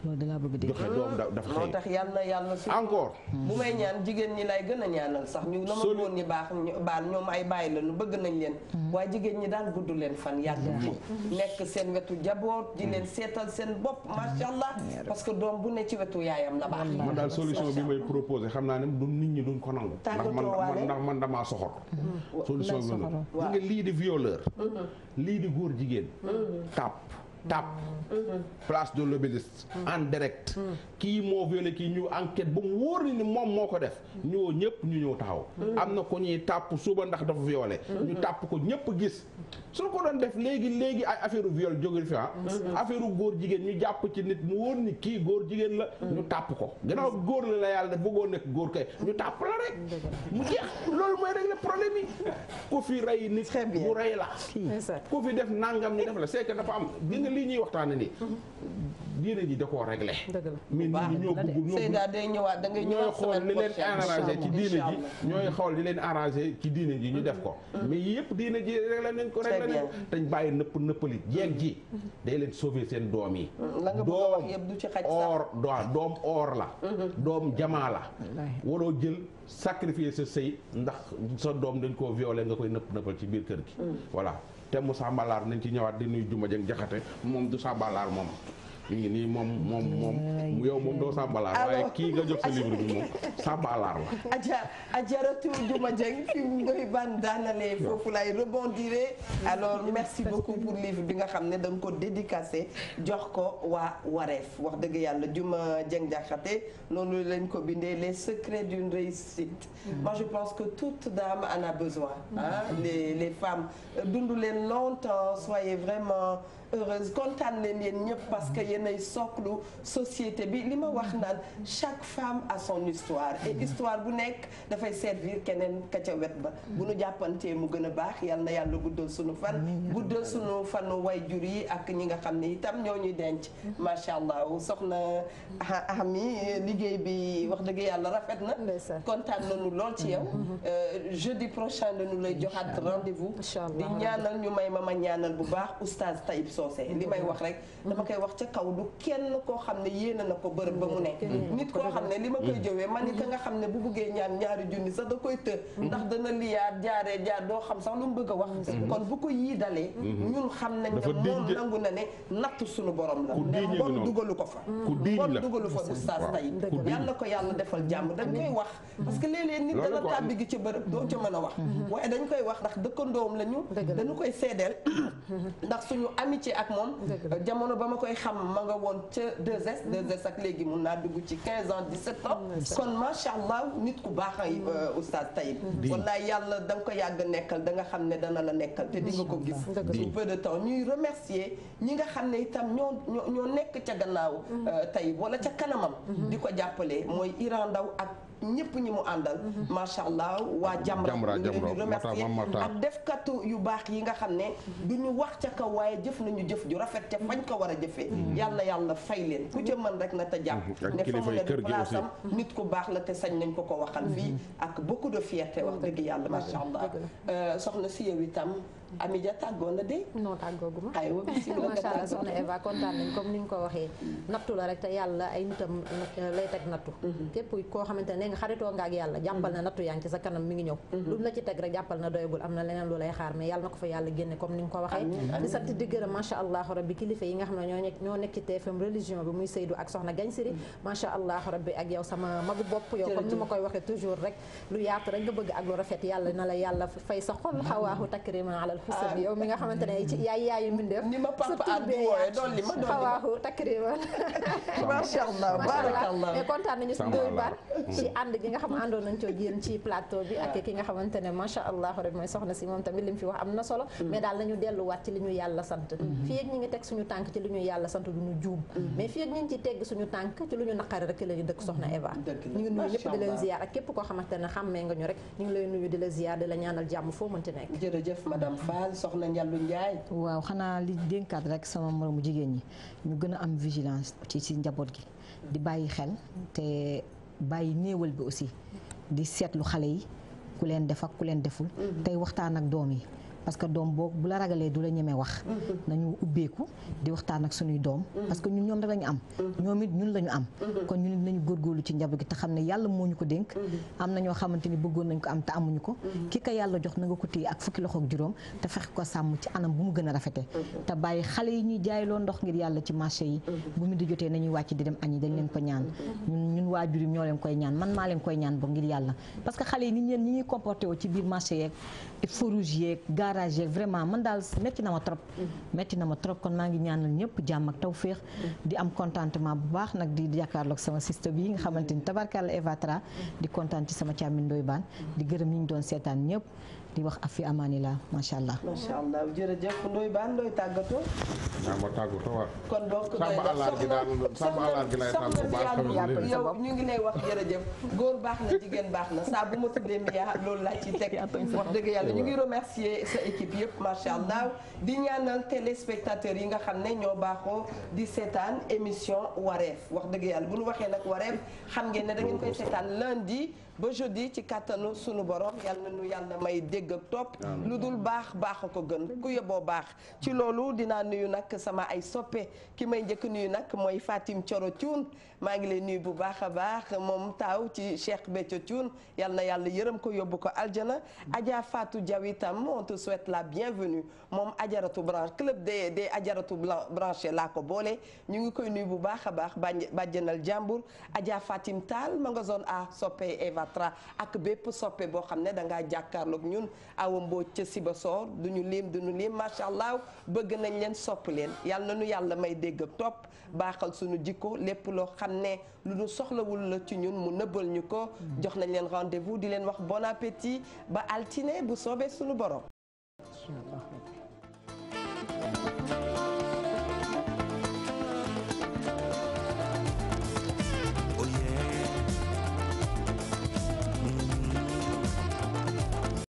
loolu da laa bëgg dégg joxe doom dafa xëy tax yàlla yàlla su encore bu may ñaan jigéen ñi lay gën a ñaanal sax ñu la ma góor ñi baax baal ñoom ay bàyyi la nu bëgg nañ leen mm-hmm. waaye jigéen ñi daal gudd leen fan yàgg ji mm-hmm. nekk seen wetu jaboot ji leen seetal seen bopp mm-hmm. macha allah parce que doom bu ne ci wetu yaayam la baax man daal solution bi may proposé xam naa ne du nit ñi duñ ko nangu ndax man ndax man damaa soxor solution bi nga lii di violeur lii di góor jigéen tàpp TAP. place de l'Obélisque mm. en direct. Mm. kii moo violé kii ñu enquête ba mu wóor ni moom moo ko def. Mm. ñoo ñëpp ñu ñëw taxaw. am na ko ñuy tàpp suba ndax dafa violé. ñu tàpp ko ñëpp gis. suñu ko doon def léegi léegi ay affaire viol jóge fi ah mm-hmm. affaire góor jigéen ñu jàpp ci nit mu wóor ni kii góor jigéen la mm-hmm. ñu tàpp ko gannaaw góor la la yàlla def bëggoo nekk góor kay ñu tàpp la rek mu jeex loolu mooy régler problème yi ku fi rey nit mu rey la ku fi def nangam ñu def la c'est que dafa am di lii ñuy waxtaane nii mm-hmm. diine ji da koo réglé. mais nit ñi ñoo bëggul ñoo ñooy xool li leen arrangé ci diine ji ñooy xool li leen arrangé ci diine ji ñu def ko mm-hmm. mais yëpp diine ji réglé nañ ko réglé nañ ko dañ bàyyi nëpp nëppali jeeg ji mm-hmm. day leen sauver seen doom yi mm-hmm. doom or doom or la doom jamaa la waroo jël sacrifier sa sëy ndax sa doom dañ koo violé nga koy nëpp nëppal ci biir kër gi mm. voilà te Moussa Mbalaar nañ ci ñëwaat di nuyu Juma Jeng Jaxate moom du Moussa Mbalaar moom mi ngi nii moom moom moom yow moom doo sàmbalaar waaye kii nga jox sa livre bi moom sàmbalaar la aja ajaratu Diouma Dieng fi Ndoye Bane daanalee foofu lay rebondir alors merci beaucoup pour livre bi nga xam ne da nga ko dédicacé jox ko waa wareef wax dëgg yàlla Diouma Dieng Diakhaté noonu lañ ko bindee les secrets d'une réussite mm. moi je pense que toute dame en a besoin hein mm. les les femmes euh, leen longtemps soyez vraiment heureuse kontaan leen yéen ñëpp parce que yéenay soxlu société bi li ma wax naan chaque femme a son histoire et histoire bu nekk dafay servir keneen ka ca wet ba bu nu jàppantee mu gën a baax yàlla yàlla guddal suñu fan guddal suñu fanu way jur yi ak ñi nga xam ni itam ñoo ñuy denc mm-hmm. macha allah soxna ami liggéey bi wax dëgg yàlla rafet na kontaan nañu lool ci yow mm-hmm. euh, jeudi prochain dañu lay joxaat rendez-vous di ñaanal ñu may ma ma ñaanal bu baax oustaz Taïb soose li may wax rek mhm. dama koy wax ca kaw du kenn koo xam ne yéene na ko bërëb ba mu ne mhm. mhm. nit koo xam ne li ma koy jëwee man ni ka nga xam ne bu buggee ñaan ñaari junni sax da koy të ndax dana liyaat jaaree jaar doo xam sax lu mu bëgg a wax kon bu ko yii dalee ñun xam nañ ne moom nangu na ne natt suñu borom la ndax bon dugalu ko fa bon dugalu fa oustaz tey yàlla ko yàlla defal jàmm dañ koy wax parce que léeg-léeg nit dana tàbbi gi ca bërëb doo ca mën a wax waaye dañ koy wax ndax dëkkandoom la ñu dañu koy seedeel ci ak moom euh, jamono ba ma koy xam ma nga woon ca 2S 2S ak léegi mun naa dugg ci 15 ans 17 ans kon macha allah nit ku baax ay mm-hmm. euh, oustaz Tayib mm-hmm. wallaay yàlla danga ko yàgg nekkal da nga xam ne dana la nekkal te di nga ko gis sous peu de temps ñuy remercier ñi nga xam ne itam ñoo ñoo ñoo nekk ca gannaaw mm-hmm. euh, Tayib wala ca kanamam di ko jàppale mooy Iran Ndaw ak ñëpp ñi mu àndal mhm. macha allah waa Jamra ñu leen di remercier ak defkatu yu baax yi nga xam ne mhm. du ñu wax ca kaw waaye jëf nañu jëf ju rafet ca fañ ko war a jëfee mhm. yàlla yàlla fay leen ku ca mën rek na te jàpp ne fa mu ne du place am nit ku baax la te sañ nañ ko ko waxal fii ak beaucoup de fierté wax dëgg yàlla macha allah euh, soxna si yow itam Amidia tàggoo na de. non tàggoo gu ma. aywa bisimilah allah ni ñu ko waxee. Mm. nattu la rek te yàlla ay nitam eh, lay teg nattu. Mm-hmm. képp koo xamante ne nga xaritoo nga ak yàlla. jàppal na mm-hmm. nattu yaa mi ngi ñëw. Mm-hmm. lu la ci teg rek jàppal na doyagul am na leneen lu lay xaar mais yàlla na ko fa yàlla génne comme ni nga ko waxee. di rabbi ak soxna sama magu bopp yow comme ni ma koy waxee toujours rek lu yaatu rek nga bëgg ak lu rafet yàlla na la yàlla fay sa xol xawaahu takrima ala al xusam ah. yow mi nga xamante ne ci yaay yaayu mbindeef. ni ma papa am di wooyee doon li ma doon xawaahu takriman macha allah baarakallah hmm. xamante ne macha allah rek mooy soxna si moom tamit li fi wax am na solo hmm. mais daal nañu delluwaat ci li ñu yàlla sant hmm. fii ak ngi teg suñu tànk ci li ñu yàlla sant duñu juum mais fi ak ñi ngi ci tegg suñu tànk ci lu ñu naqari rek la ñu dëkk soxna Eva nuyu ñëpp ziyaar ak képp koo xamante ne xàmmee nga ñu rek ñu ngi lay nuyu di la ziyaar di ñaanal jàmm foo mënti nekk jërëjëf madame Fall soxna Ndiallu Ndiaye. waaw xanaa li dénkaat rek sama moromu jigéen ñi ñu gën a am vigilance ci ci njaboot gi. di bàyyi xel te bàyyi néewal bi aussi di seetlu xale yi ku leen def ak ku leen deful. Mm-hmm. tey waxtaan ak doom yi. parce que doom boo bu la ragalee du la ñemee wax nañu ubbeeku di waxtaan ak suñuy doom parce que ñun ñoom rek lañu am ñoom it ñun lañu am kon ñun it nañu góorgóorlu ci njaboot gi te xam ne yàlla moo ñu ko dénk am na ñoo xamante ni bëggoon nañ ko am te amuñu ko ki yàlla jox na nga ko téye ak fukki loxo ak juróom te fexe ko sàmm ci anam bu mu gën a rafete te bàyyi xale yi ñuy jaay ndox ngir yàlla ci marché yi bu mu di jotee nañuy wàcc di dem añi dañ leen ko ñaan ñun ñun waajur yi ñoo koy ñaan man maa leen koy ñaan ba ngir yàlla parce que xale yi ni ñeen ñi ñuy comporté woo ci biir feu rouge garage yeeg vraiment man daal métti na ma trop. métti mm-hmm. na ma trop kon maa ngi ñaanal ñëpp jàmm ak tawféex. Mm-hmm. di am contentement bu baax nag di jàkkaarloog sama sista bi nga xamante ni mm-hmm. tabarkalla Evatra. di kontaan ci sama càmmiñ Ndoye Bane. di gërëm ñi ñu doon seetaan ñëpp. di wax afi amaanilaa macha allah. macha allah jërëjëf Ndoye Bane looy tàggatoo. waaw ma tàggatoo waaw. kon donc sàmm àllar gi daal sàmm àllar gi lay tàggatoo baax xam yow ñu ngi lay wax jërëjëf góor baax na baax na saa bu ma tuddee Mia loolu laa ci teg wax dëgg yàlla ñu ngi remercier sa équipe yëpp macha allah di ñaanal téléspectateurs yi nga xam ne ñoo baaxoo di seetaan émission wareef wax dëgg yàlla bu nu waxee nag wareef xam ngeen ne koy seetaan lundi ba jeudi ci kàttanu sunu borom yal na nu yàlla may dégg ak topp lu dul baax baax a ko gën ku yeboo baax ci loolu dinaa nuyu nag sama ay soppe ki may njëkk nuyu nag mooy faatim Coro Thioune maa ngi lay nuyu bu baax a baax moom taaw ci Cheikh Béthio Thioune yal na yàlla yërëm ko yóbbu ko aljana Adja Fatou Diaw itam on te souhaite la bienvenue moom ajaratu branche club des des ajaratu branché laa ko boole ñu ngi koy nuyu bu baax a baax bàjjanal jàmbur Adja Fatim Tall ma nga zone A soppe Satra ak bépp soppe boo xam ne dangaa jàkkaarloog ñun Awa Mbooj ca Sibassor duñu ñu lim du ñu lim macha allah bëgg nañ leen sopp leen yàlla na yàlla may dégg ak topp baaxal suñu jikko lépp loo xam ne lu ñu soxlawul la ci ñun mu nëbbal ñu ko jox nañ leen rendez-vous di leen wax bon appétit ba altine bu soobee suñu borom